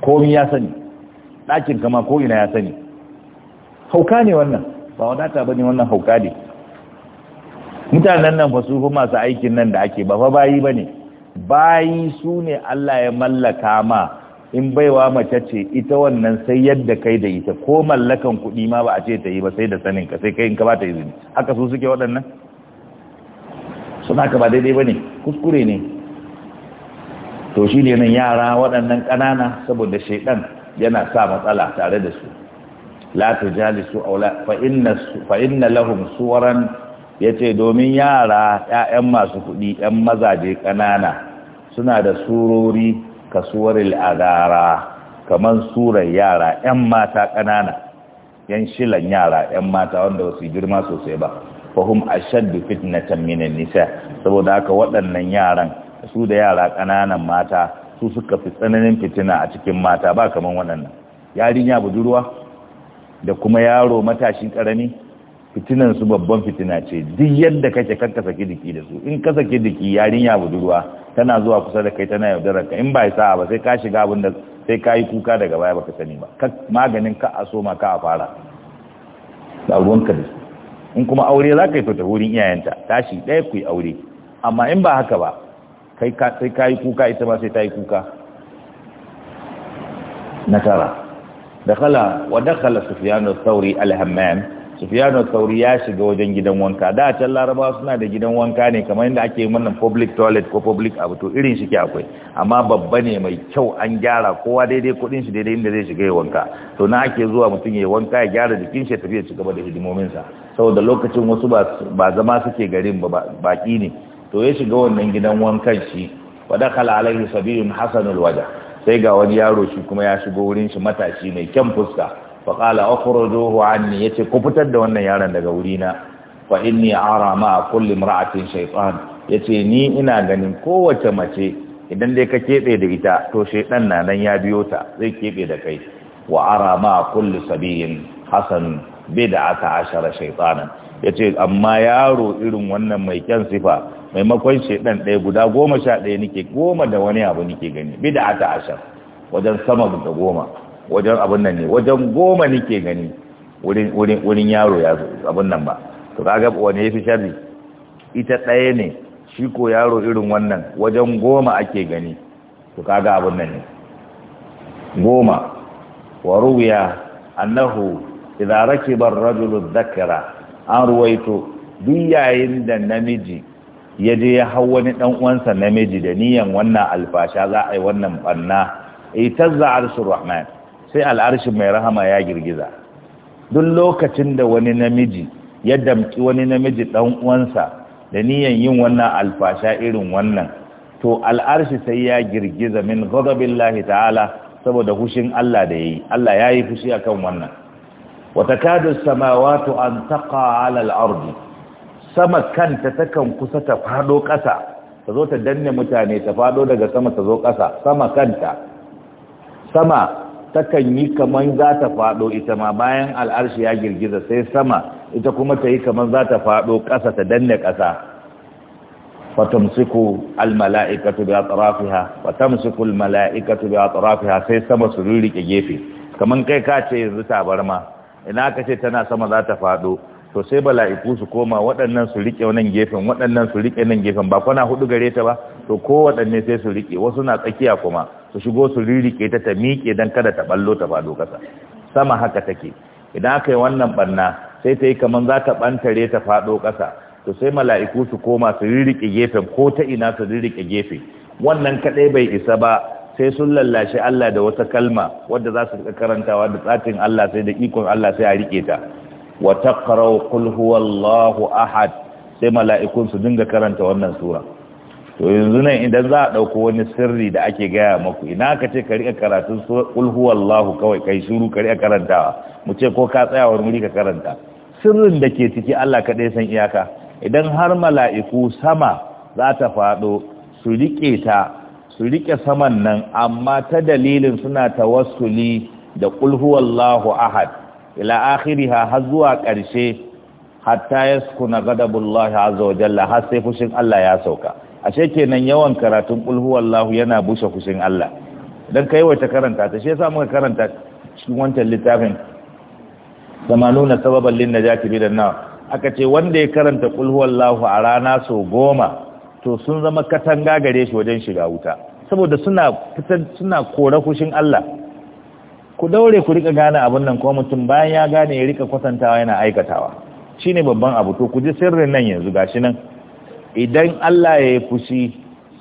komi ya sani ɗakin kama ko ina ya sani hauka ne wannan ba wadata ba ne wannan hauka ne mutanen nan fa su fi masu aikin nan da ake ba fa bayi ba ne bayi su ne Allah ya mallaka ma in baiwa mace ce ita wannan sai yadda kai da ita ko mallakan kuɗi ma ba a ce ta yi ba sai da saninka sai kai in ka ba ta izini haka su suke waɗannan suna ka ba daidai ba ne kuskure ne to shi ne nan yara waɗannan ƙanana saboda shaidan yana sa matsala tare da su la ta su aula fa inna lahum suwaran ce domin yara ya'yan masu kuɗi 'yan mazaje ƙanana suna da surori kasuwar agara kamar surar yara ƴan mata ƙanana yan shilan yara 'yan mata wanda wasu girma sosai ba fahum ashaddu fitnatan minan nisa saboda haka waɗannan yaran su da yara ƙananan mata su suka fi tsananin fitina a cikin mata ba kaman waɗannan yarinya budurwa da kuma yaro matashin ƙarami fitinan su babban fitina ce duk yadda kake kanka saki diki da su in ka saki diki yarinya budurwa tana zuwa kusa da kai tana yaudarar ka in ba sa ba sai ka shiga abin da sai ka yi kuka daga baya baka sani ba maganin ka a soma ka a fara da da su in kuma aure za ka yi fita wurin iyayenta tashi ɗaya ku yi aure amma in ba haka ba sai ka yi kuka ita ba sai ta yi kuka na tara da kala wa dakhala sufyanu Sauri alhamman, hammam Sauri ya shiga wajen gidan wanka da can laraba suna da gidan wanka ne kamar yadda ake wannan public toilet ko public abu to irin shi ke akwai amma babba ne mai kyau an gyara kowa daidai kudin shi daidai inda zai shiga wanka to na ake zuwa mutum ya wanka ya gyara jikin shi ya tafi ci gaba da hidimominsa saboda lokacin wasu ba zama suke garin ba baki ne to ya shiga wannan gidan wankan shi wadda kala alaihi sabiyun waja sai ga wani yaro shi kuma ya shigo wurin shi matashi mai kyan fuska fa qala akhrujuhu anni yace ku fitar da wannan yaron daga wurina fa inni ara ma kulli imra'atin shaytan yace ni ina ganin kowace mace idan dai ka keɓe da ita to shaytan na nan ya biyo ta zai keɓe da kai wa ara ma kulli sabiyin hasan bai da aka ashara shaitanan ya ce amma yaro irin wannan mai kyan sifa maimakon shaidan ɗaya guda goma sha ɗaya nike goma da wani abu nike gani bai da aka ashar wajen sama da goma wajen abin nan ne wajen goma nike gani wurin yaro ya zo abin nan ba to kaga wani ya fi sharri ita ɗaya ne shi ko yaro irin wannan wajen goma ake gani to kaga abin nan ne goma wa ruwiya annahu idza rakiba ar-rajulu dhakara an ruwaito duk yayin da namiji ya je ya hau wani dan uwansa namiji da niyan wannan alfasha za a yi wannan banna itazza arshur rahman sai al'arshi mai rahama ya girgiza duk lokacin da wani namiji ya damki wani namiji ɗanuwansa uwansa da niyan yin wannan alfasha irin wannan to al'arshi sai ya girgiza min lahi ta'ala saboda hushin Allah da yayi Allah yayi fushi akan wannan watakadu samawatu an taqa ala al-ardi sama kanta takan kusa ta fado ƙasa ta zo ta danne mutane ta fado daga sama ta zo ƙasa sama kanta sama takan yi kaman za ta fado ita ma bayan al'arshi ya girgiza sai sama ita kuma ta yi kaman za ta fado ƙasa ta danne ƙasa fatamsiku almala'ikatu bi atrafiha fatamsiku almala'ikatu bi atrafiha sai sama su rurike gefe kaman kai ka ce yanzu tabarma ina aka ce tana sama za ta faɗo to sai bala'iku su koma waɗannan su riƙe wannan gefen waɗannan su riƙe nan gefen ba kwana hudu gare ta ba to ko waɗanne sai su riƙe wasu na tsakiya kuma su shigo su ririke ta ta miƙe don kada ta ballo ta faɗo ƙasa sama haka take Ina aka yi wannan ɓanna sai ta yi kamar za ta ɓantare ta faɗo ƙasa to sai mala'iku su koma su ririke gefen ko ta ina su ririke gefe wannan kaɗai bai isa ba sai sun lallashi Allah da wata kalma wadda za su karantawa da tsatin Allah sai da ikon Allah sai a rike ta wa taqra'u qul huwallahu ahad sai mala'ikun su dinga karanta wannan sura to yanzu nan idan za a dauko wani sirri da ake gaya maku ina ka ce ka rika karatun qul huwallahu kawai kai shiru ka rika karantawa mu ce ko ka tsaya wa muri ka karanta sirrin da ke ciki Allah kaɗai san iyaka idan har mala'iku sama za ta fado su rike ta su rike saman nan amma ta dalilin suna tawassuli da qul huwallahu ahad ila akhiriha har zuwa ƙarshe hatta yaskuna ghadabullahi azza wa jalla har sai fushin Allah ya sauka ashe kenan yawan karatun qul huwallahu yana bushe fushin Allah dan kai wata karanta ta shi yasa muka karanta cikin wancan littafin zamanuna sababan lin najati bidan nar aka ce wanda ya karanta qul huwallahu a rana so goma to sun zama katanga gare shi wajen shiga wuta saboda suna fitar suna kora kushin Allah ku daure ku rika gane abin nan kuma mutum bayan ya gane ya rika kwatantawa yana aikatawa shine babban abu to ku ji sirrin nan yanzu gashi nan idan Allah ya yi fushi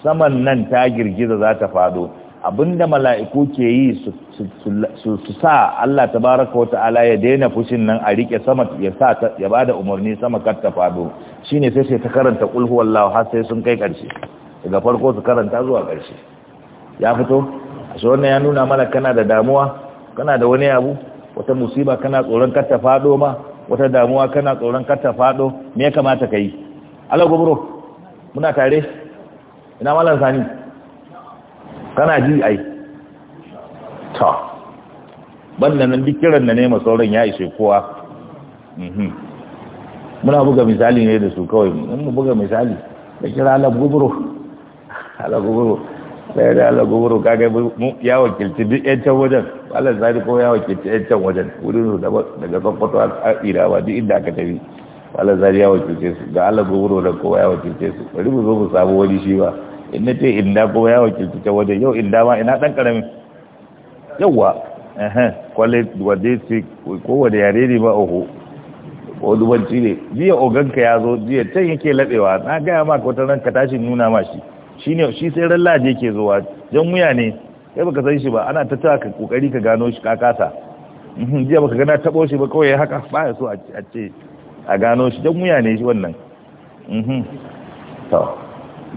saman nan ta girgiza za ta fado abinda mala'iku ke yi su sa Allah baraka wata ala ya daina fushin nan a rike sama ya sa ya umarni sama kar ta fado ne sai sai ta karanta ƙulhuwar lawa har sai sun kai ƙarshe daga farko su karanta zuwa ƙarshe ya fito shi wannan ya nuna mana kana da damuwa kana da wani abu wata musiba kana tsoron kar ta fado ma wata damuwa kana tsoron kar ta fado me ya kamata ka yi. gobro muna tare ina malan sani kana ji ai ta banda nan duk kiran da nema sauran ya ishe kowa mhm. muna buga misali ne da su kawai mun buga misali da kira ala gubro ala gubro sai da ala gubro mu ya wakilci duk yan can wajen Allah zai ko ya wakilci yan can wajen wurin da daga Sokoto a ba duk inda aka tafi Allah zai ya wakilce su ga ala gubro da kowa ya wakilce su bari mu zo mu samu wani shi ba in na ce inda kuma ya wakilci ta waje yau inda ma ina ɗan ƙaramin wa kwalle waje ko da yare ne ba oho ko dubanci ne jiya oganka ya zo jiya can yake laɓewa na gaya ma ko nan ranka tashi nuna ma shi shi ne shi sai ran laje ke zuwa jan wuya ne kai baka san shi ba ana ta taka kokari ka gano shi ka kasa mhm, jiya baka gana tabo shi ba kawai haka ba ya so a ce a gano shi jan wuya ne shi wannan mhm. to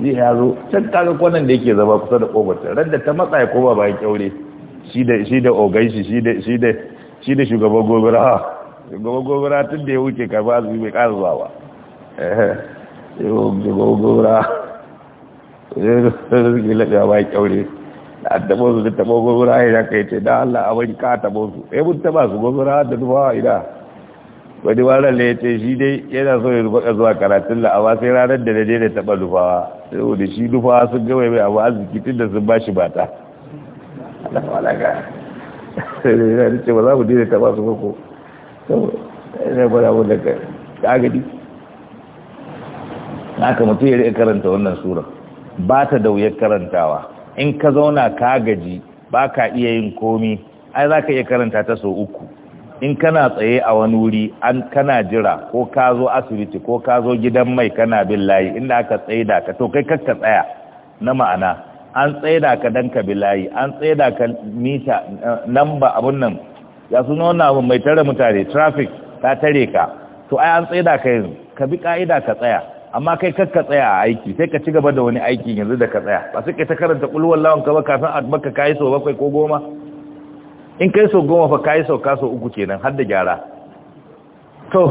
zai ya zo can kaga kwanan da yake zama kusa da kofarta ran da ta matsa ya koma bayan kyaure shi da shi da ogan shi shi da shi da shugaban gobira ah, shugaban gobira tun da ya wuce ka ba su bai ƙara zuwa ba eh, eh shugaban gobira sai eh, su lafiya bayan kyaure da taɓo su da taɓo gobira ya ka yi ce da Allah a wani ka taɓo su ya eh, mun taɓa su gobira da nufawa ina wani wani da ya ce shi dai yana so ya rubuta zuwa karatun la'awa sai ranar da na daina taɓa nufawa saboda shi dufa sun gawai mai abu arziki tun da sun ba shi bata yana da ce ba za mu daina su mu haka mutu ya karanta wannan sura ba ta da wuyar karantawa in ka zauna ka gaji ba ka iya yin komi ai za ka iya karanta ta sau uku in kana tsaye a wani wuri an kana jira ko ka zo asibiti ko ka zo gidan mai kana bin layi inda aka da ka to kai kakka tsaya na ma'ana an da ka dan ka bi layi an da ka mita eh, namba abun nan ya su nuna mai tare mutane traffic ta tare ka to ai an da ka yanzu ka bi ka'ida ka tsaya amma kai kakka tsaya a aiki sai ka ci gaba da wani aiki yanzu da ka tsaya ba sai kai ta karanta kulwallawan lawan ka ba kafin a baka kayi so bakwai ko goma in kai sau goma fa kayi sau so uku kenan har da gyara to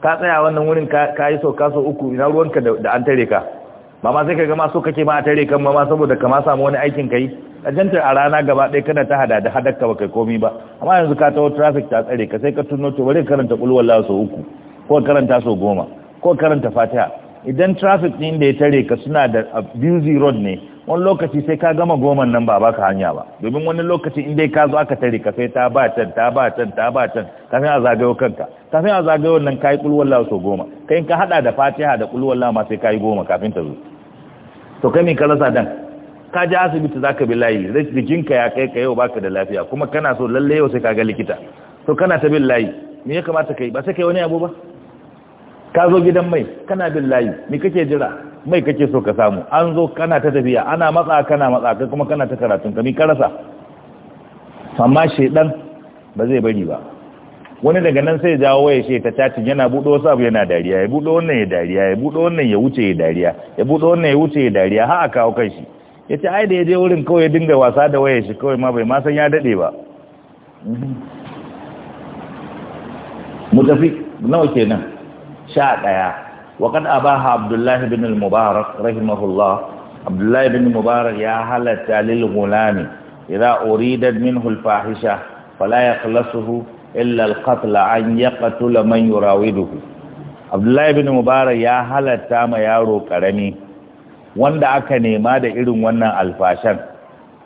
ka tsaya wannan wurin kayi sau so uku ina ruwanka da an tare ka ba ma sai ka gama so kake ma a tare kan ma saboda ka ma samu wani aikin kai ajantar a rana gaba ɗaya kana ta hada da hadarka ba kai komi ba amma yanzu ka tawo traffic ta tsare ka sai ka tuno to bari karanta kulwallah so uku ko karanta so goma ko karanta fatiha idan traffic ɗin da ya tare ka suna da busy road ne wani lokaci sai ka gama goman nan ba ba ka hanya ba domin wani lokaci in dai ka zo aka tare ka sai ta ba can ta ba can ta ba can kafin a zagayo kanka kafin a zagayo nan kulwar lawa so goma kai yi ka hada da fatiha da kulwar lawa sai yi goma kafin ta zo to kai me ka rasa dan ka je asibiti za ka bi layi rikinka ya kai ka yau baka da lafiya kuma kana so lalle yau sai ka ga likita to kana ta bin layi me ya kamata kai ba sai kai wani abu ba ka zo gidan mai kana bin layi me kake jira mai kake so ka samu an zo kana ta tafiya ana matsa kana matsa kai kuma kana ta karatun ka mi ka rasa amma shedan ba zai bari ba wani daga nan sai jawo waya shi ta chatin yana budo wasu abu yana dariya ya budo wannan ya dariya ya budo wannan ya wuce ya dariya ya budo wannan ya wuce ya dariya har a kawo kan shi ya ce ai da ya je wurin kawai ya dinga wasa da waya shi kawai ma bai ma san ya daɗe ba mu tafi nawa kenan sha ɗaya wa kan abaha abdullahi bin al-mubarak rahimahullah abdullahi bin mubarak ya halatta lil gulami idza uridat minhu al-fahisha fala yakhlasuhu illa al-qatl an yaqtula man yurawiduhu abdullahi bin mubarak ya halatta ma yaro karami wanda aka nema da irin wannan alfashan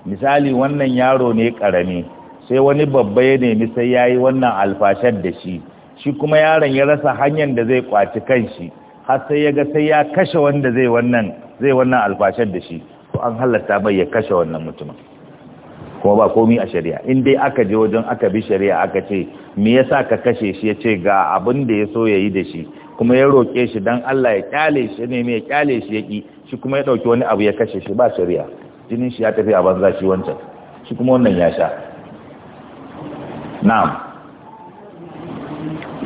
misali wannan yaro ne karami sai wani babba ya nemi sai yayi wannan alfashar da shi shi kuma yaron ya rasa hanyar da zai kwaci kanshi har sai ya ga sai ya kashe wanda zai wannan zai wannan alfashar da shi to an halarta mai ya kashe wannan mutumin kuma ba komi a shari'a in dai aka je wajen aka bi shari'a aka ce me yasa ka kashe shi ya ce ga abin da ya so ya yi da shi kuma ya roƙe shi dan Allah ya kyale shi ne me ya kyale shi ya ki shi kuma ya ɗauki wani abu ya kashe shi ba shari'a jinin shi ya tafi a banza shi wancan shi kuma wannan ya sha na'am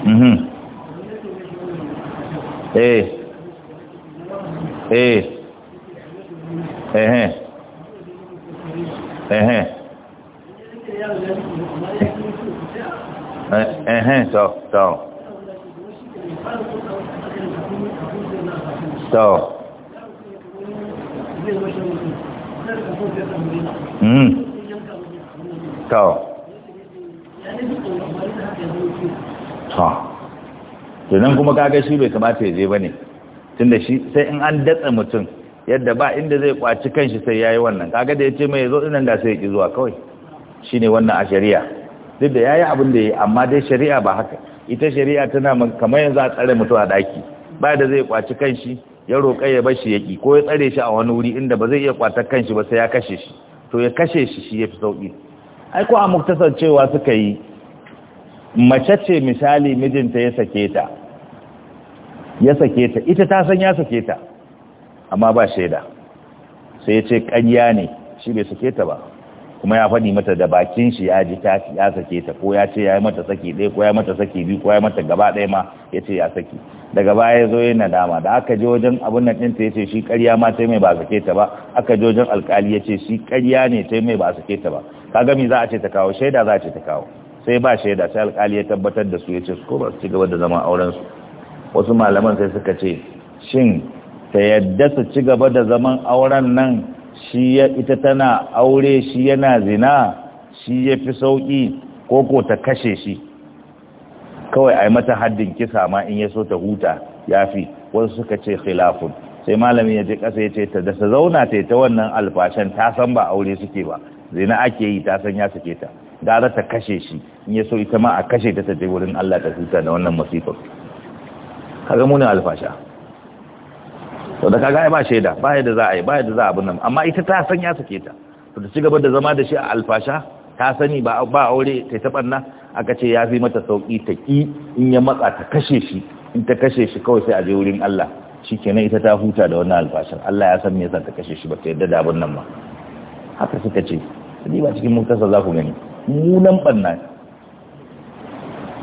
Mhm. eh eh eh eh eh to to to mm to ha to nan kuma kaga shi bai kamata ya je bane tunda shi sai in an datsa mutum yadda ba inda zai kwaci kanshi sai yayi wannan kaga da yace mai yazo dinan da sai ya ki zuwa kawai shine wannan a shari'a duk da yayi abin da yayi amma dai shari'a ba haka ita shari'a tana kamar yanzu a tsare mutum a daki ba da zai kwaci kanshi ya roƙa ya bashi ki ko ya tsare shi a wani wuri inda ba zai iya kwatar kanshi ba sai ya kashe shi to ya kashe shi shi yafi sauki ai ko a muktasar cewa suka yi mace ce misali mijinta ya sake ta ya sake ta ita ta san ya sake ta amma ba shaida sai ya ce ƙarya ne shi bai sake ta ba kuma ya faɗi mata da bakin shi ya ji tafi ya sake ta ko ya ce ya yi mata saki ɗaya ko ya mata saki biyu ko ya mata gaba ɗaya ma ya ce ya saki daga baya zo yin nadama da aka je wajen abin nan ɗinta ya ce shi ƙarya ma ta mai ba sake ta ba aka je wajen alƙali ya ce shi ƙarya ne ta mai ba sake ta ba kaga me za a ce ta kawo shaida za a ce ta kawo sai ba shaida sai Alƙali ya tabbatar da su ya ce su ko ba su ci gaba da zama auren su wasu malaman sai suka ce shin ta yadda su ci gaba da zaman auren nan shi ya ita tana aure shi yana zina shi ya fi sauƙi ko ko ta kashe shi kawai a yi mata haddin kisa ma in ya so ta huta ya fi wasu suka ce khilafun sai malami ya je ƙasa ya ce ta da su zauna ta ta wannan alfashen ta san ba aure suke ba zina ake yi ta san ya suke ta gara ta kashe shi in ya so ita ma a kashe ta je wurin Allah ta sita da wannan masifar kaga munin alfasha to da kaga ai ba shaida ba yadda za a yi ba yadda za a abin nan amma ita ta san ya sake ta to ta cigaba da zama da shi a alfasha ta sani ba ba aure ta ta banna aka ce ya fi mata sauki ta ki in ya matsa ta kashe shi in ta kashe shi kawai sai a je wurin Allah shikenan ita ta huta da wannan alfashin Allah ya san me yasa ta kashe shi ba ta yadda da abin nan ba haka suka ce ni ba cikin mutasa za ku gani munan banna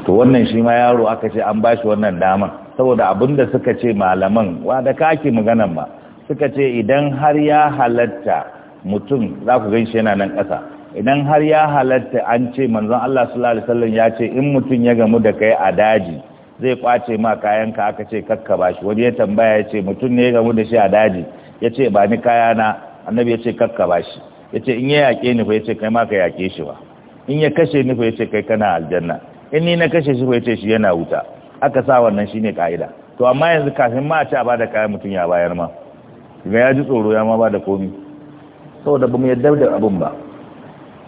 to wannan shi ma yaro aka ce an bashi wannan daman saboda abinda suka ce malaman wa da ka maganan ba suka ce idan har ya halatta mutum za ku gan shi yana nan ƙasa idan har ya halatta an ce manzon Allah sallallahu alaihi wasallam ya ce in mutum ya gamu da kai a daji zai kwace ma kayan ka aka ce kakka bashi wani ya tambaya ya ce mutum ne ya gamu da shi a daji ya ce ba ni kayana annabi ya ce kakka bashi ya ce in ya yaƙe ni ba ya ce kai ma ka yaƙe shi ba in ya kashe ni ya yace kai kana aljanna in ni na kashe shi ya yace shi yana wuta aka sa wannan shine kaida to amma yanzu kafin ma a ci a bada kayan mutum ya bayar ma ga ya ji tsoro ya ma bada komi saboda bamu yadda da abun ba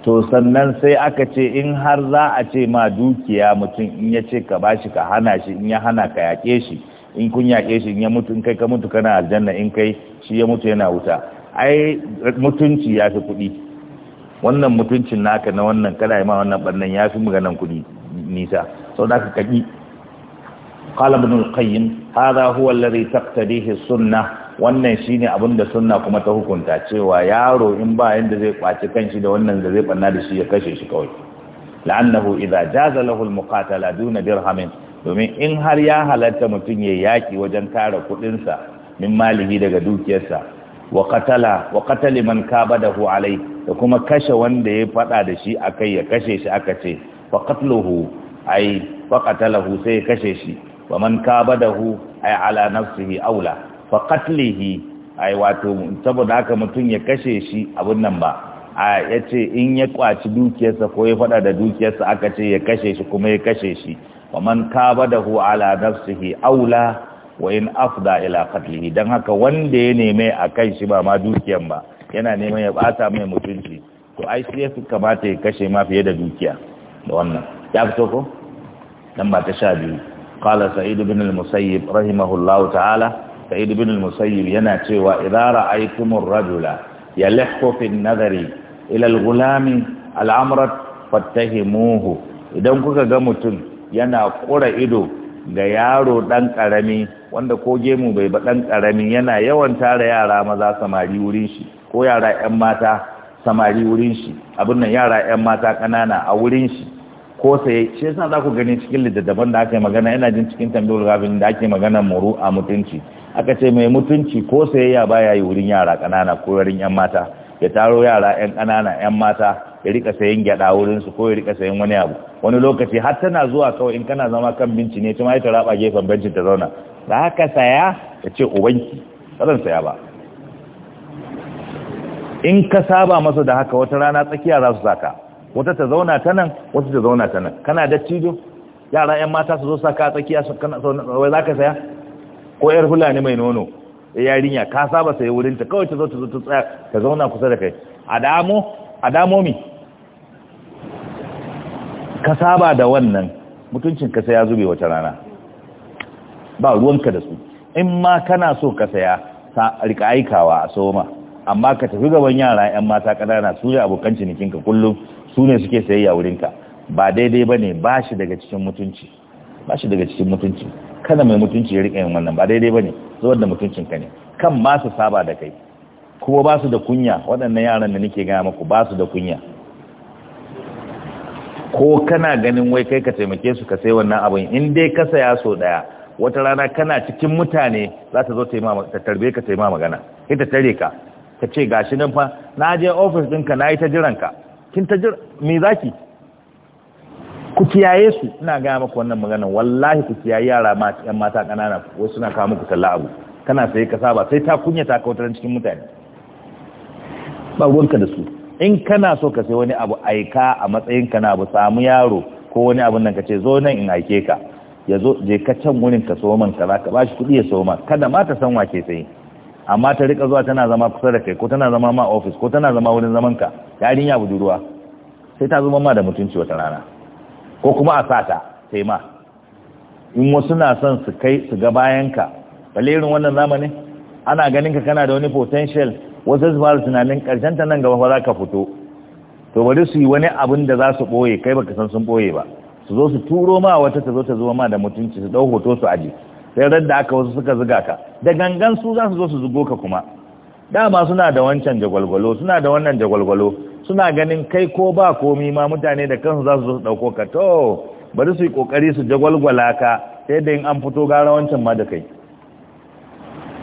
to sannan sai aka ce in har za a ce ma dukiya mutum in ya ce ka bashi ka hana shi in ya hana ka yaƙe shi in kun yaƙe shi in ya mutu in kai ka mutu kana aljanna in kai shi ya mutu yana wuta ai mutunci ya fi kuɗi wannan mutuncin naka na wannan kana yi ma wannan bannan ya fi maganan kuɗi nisa sau da ka kaɗi قال ابن القيم هذا هو الذي تقتديه السنة wannan shine abin da sunna kuma ta hukunta cewa yaro in ba yadda zai kwaci shi da wannan da zai banna da shi ya kashe shi kawai la'annahu idza jaza lahu almuqatala duna dirhamin domin in har ya halatta mutum ya yaki wajen tara kuɗinsa sa min malihi daga dukiyarsa wa qatala wa qatali man da alai da kuma kashe wanda ya fada da shi a kai ya kashe shi aka ce fa qatluhu ai wa katalahu sai kashe shi wa man da hu ai ala nafsihi aula fa katlihi ai wato saboda haka mutum ya kashe shi abun nan ba a ya ce in ya kwaci dukiyarsa ko ya fada da dukiyarsa aka ce ya kashe shi kuma ya kashe shi wa man kaba da hu ala nafsihi aula wa in afda ila qatlihi dan haka wanda ya neme a kan shi ba ma dukiyan ba yana neman ya bata mai mutunci to ai sai yafi kamata ya kashe ma fiye da dukiya da wannan ya fito ko dan ba ta sha biyu qala sa'id ibn al-musayyib rahimahullahu ta'ala sa'id ibn al-musayyib yana cewa idza ra'aytumur rajula yalahqu fi an-nadari ila al-ghulami al-amrat fattahimuhu idan kuka ga mutum yana kura ido ga yaro ɗan ƙarami wanda ko gemu bai ba ɗan ƙaramin yana yawan tara yara maza samari wurin shi ko yara 'yan mata samari wurin shi abin nan yara 'yan mata ƙanana a wurin shi ko sai shi yasa za ku gani cikin littattafan da aka yi magana yana jin cikin tambayar gabin da ake magana muru a mutunci aka ce mai mutunci ko sayayya baya yi wurin yara ƙanana ko wurin 'yan mata ya taro yara 'yan ƙanana 'yan mata ya rika sayan gyaɗa wurin su ko ya rika sayan wani abu wani lokaci har tana zuwa kawai in kana zama kan binci ne ta ma raba gefen bencin ta zauna da haka saya ya ce ubanki zan saya ba in ka saba masa da haka wata rana tsakiya za su saka wata ta zauna ta nan wata ta zauna ta nan kana da cijo yara 'yan mata su zo saka tsakiya su kana wai za ka saya ko 'yar fulani mai nono ya eh, yarinya ka saba sai wurin ta kawai ta zo ta zo ta tsaya ta zauna kusa da kai adamo mi ka saba da wannan mutuncin ka sai ya zube wata rana ba ruwanka da su in ma kana so ka saya rika aikawa a soma amma ka tafi gaban yara 'yan mata ƙanana su ne abokan cinikinka kullum su ne suke sayayya wurinka ba daidai ba ne ba shi daga cikin mutunci ba shi daga cikin mutunci kada mai mutunci ya rika yin wannan ba daidai ba ne zuwar da mutuncinka ne kan ma su saba da kai kuma ba su da kunya waɗannan yaran da nake gaya maku ba su da kunya ko kana ganin wai kai ka taimake su ka sai wannan abin in dai ka saya so daya wata rana kana cikin mutane za ta zo ta tarbe ka ta ma magana sai tare ka Ka ce gashi nan fa na je ofis ɗinka na yi ta jiranka kin ta jira me zaki ku kiyaye su ina gaya maka wannan magana wallahi ku kiyaye yara yan mata kanana wasu suna kawo muku talla abu kana sai ka saba sai ta kunya ta kawo cikin mutane ba ruwanka da su in kana so ka sai wani abu aika a matsayin ka na abu samu yaro ko wani abun nan ka ce zo nan in aike ka ya zo je ka can wurin ka so man kaza ka bashi kuɗi ya so ma kada ma ta san wa ke sai amma ta rika zuwa tana zama kusa da kai ko tana zama ma office ko tana zama wurin zaman ka ya budurwa sai ta zama ma da mutunci wata rana ko kuma a sata sai ma in wasu na son su kai su ga bayan ka balle irin wannan zamanin ana ganin ka kana da wani potential wasu su fara tunanin karshen ta nan gaba ba za ka fito to bari su yi wani abin da za su ɓoye kai baka san sun ɓoye ba su zo su turo ma wata ta zo ta zo ma da mutunci su dau hoto su aje sai ran da aka wasu suka zuga ka da gangan su za su zo su zugo ka kuma dama suna da wancan jagwalgwalo suna da wannan jagwalgwalo suna ganin kai ko ba komi ma mutane da kansu za su zo su dauko ka to bari su yi kokari su jagwalgwala ka sai da in an fito gara wancan ma da kai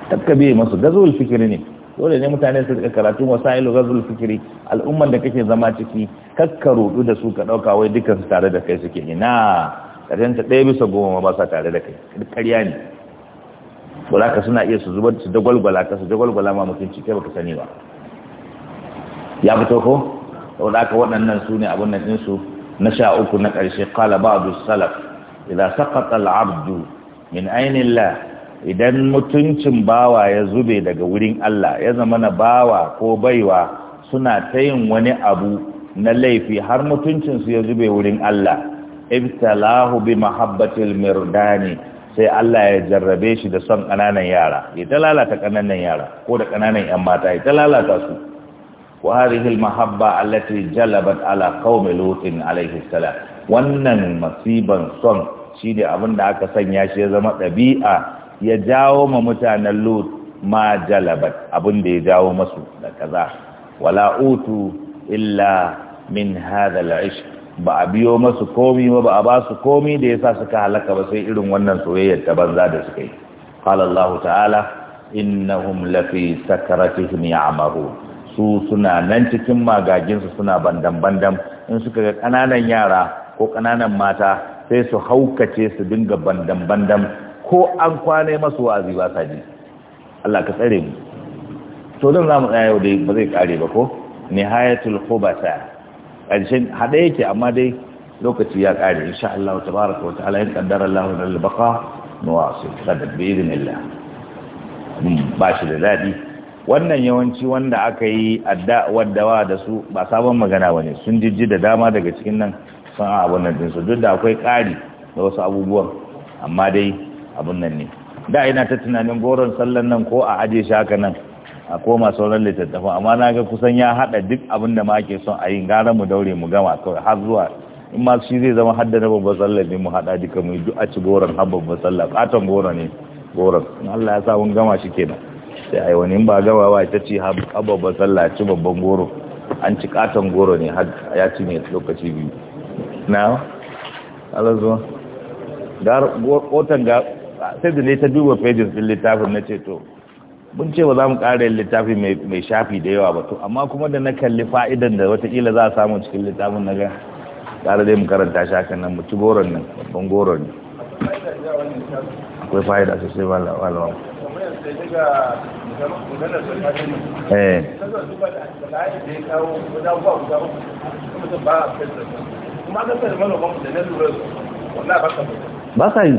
takkabe masu gazul fikiri ne dole ne mutane su rika karatun wasailu ghazul fikri al'umman da kake zama ciki kakka rudu da su ka dauka wai dukan su tare da kai suke ina karshen ta ɗaya bisa goma ba sa tare da kai karya ne to ka suna iya su zubar su dagwalgwala ka su dagwalgwala ma ci kai baka sani ba ya fito ko ka waɗannan su ne abun nan ɗinsu na sha uku na ƙarshe qala ba'du salaf idza saqata al-'abdu min ayni idan mutuncin bawa ya zube daga wurin Allah ya zama na bawa ko baiwa suna ta yin wani abu na laifi har mutuncinsu ya zube wurin Allah ibtalahu bi mahabbatil mirdani sai Allah ya jarrabe shi da son ƙananan yara ya ta lalata ƙananan yara ko da ƙananan yan mata ya ta lalata su wa hadhihi al mahabba allati jalabat ala qaumi lutin alayhi salam wannan masiban son shine abin da aka sanya shi ya zama ɗabi'a ya jawo ma mutanen lut ma jalabat abin da ya jawo masu da kaza wala utu illa min hadha ba a biyo masu komi ba ba a ba su komi da yasa suka halaka ba sai irin wannan soyayyar ta banza da suka yi qala ta'ala innahum lafi sakaratihim ya'mahu su suna nan cikin magaginsu suna bandan-bandan in suka ga ƙananan yara ko ƙananan mata sai su haukace su dinga bandan-bandan ko an kwane masu wazi ba sa ji Allah ka tsare mu to don zamu tsaya yau dai ba zai kare ba ko nihayatul khubasa ƙarshen hada yake amma dai lokaci ya kare insha Allah tabaraka wa ta'ala in qaddara Allah lana baqa nuwasil kada bi idnillah hmm, ba shi da dadi wannan yawanci wanda aka yi adda waddawa da su ba sabon magana bane sun jijji da dama daga cikin nan sun abun nan din su duk da akwai kari da wasu abubuwan amma dai abun nan ne da ina ta tunanin goron sallan nan ko a aje shi haka nan a koma sauran littattafa. amma na ga kusan ya haɗa duk abin da ma ke son a yi gara mu daure mu gama kawai har zuwa in ma shi zai zama haddana babban sallar ne mu haɗa duka mu duk a ci goron har babban sallar katon goro ne goron in Allah ya sa mun gama shi kenan sai ai wani in ba gama ba ita ci har babban sallar ci babban goro an ci katon goro ne har ya ci ne lokaci biyu na alazo gar gotan ga sai da ta duba pages din littafin na ce to mun ce ba za mu ƙara yin littafi mai shafi da yawa ba to amma kuma da na kalli fa'idan da watakila za a samu cikin littafin na ga ƙara dai mu karanta shi nan mutu goron nan babban goron ne akwai fa'ida sosai ba lawan eh. ba sa yi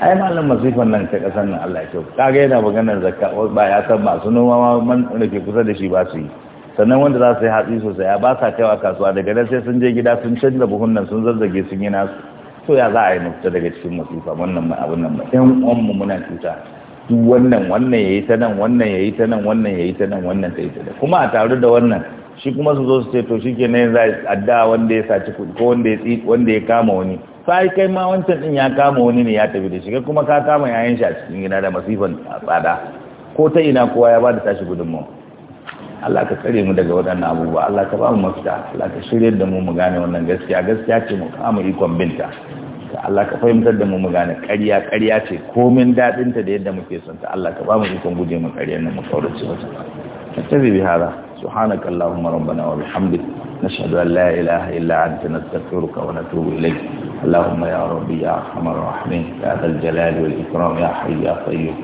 ai malam masifan nan ta kasan nan Allah ya kyau kaga yana maganar zakka ba ya san su noma ma man da ke kusa da shi ba su yi sannan wanda za su yi hatsi sosai ya ba sa kaiwa kasuwa daga nan sai sun je gida sun canza buhun nan sun zazzage sun yi nasu to ya za a yi mafita daga cikin masifa wannan ma abin nan ma ɗan mu muna cuta duk wannan wannan ya yi ta nan wannan ya yi ta nan wannan ya yi ta nan wannan ta yi ta kuma a taru da wannan shi kuma su zo su ce to shi ke nan za a adda wanda ya saci kuɗi ko wanda ya kama wani sai kai ma wancan din ya kama wani ne ya tafi da shi kai kuma ka kama yayin shi a cikin gida da masifan tsada ko ta ina kowa ya bada tashi gudunmu Allah ka tsare mu daga waɗannan abubuwa Allah ka ba mu mafita Allah ka shirye da mu mu gane wannan gaskiya gaskiya ce mu kama ikon binta ka Allah ka fahimtar da mu mu gane ƙarya ƙarya ce komin daɗin ta da yadda muke son ta Allah ka ba mu ikon guje mu ƙarya nan mu kaurace mata tattabi bi hada subhanaka allahumma rabbana wa bihamdik nashhadu an la ilaha illa anta nastaghfiruka wa natubu ilayk اللهم يا ربي يا أرحم الراحمين يا ذا الجلال والإكرام يا حي يا قيوم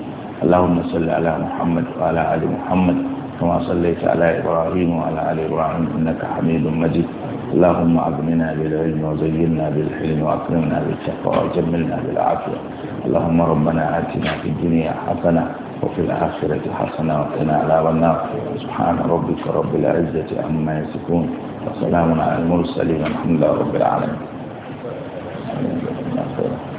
اللهم صل على محمد وعلى آل محمد كما صليت على إبراهيم وعلى آل إبراهيم إنك حميد مجيد اللهم أغننا بالعلم وزينا بالحلم وأكرمنا بالتقوى وجملنا بالعافية اللهم ربنا آتنا في الدنيا حسنة وفي الآخرة حسنة وقنا عذاب النار سبحان ربك رب العزة عما يصفون وسلام على المرسلين الحمد لله رب العالمين Amin.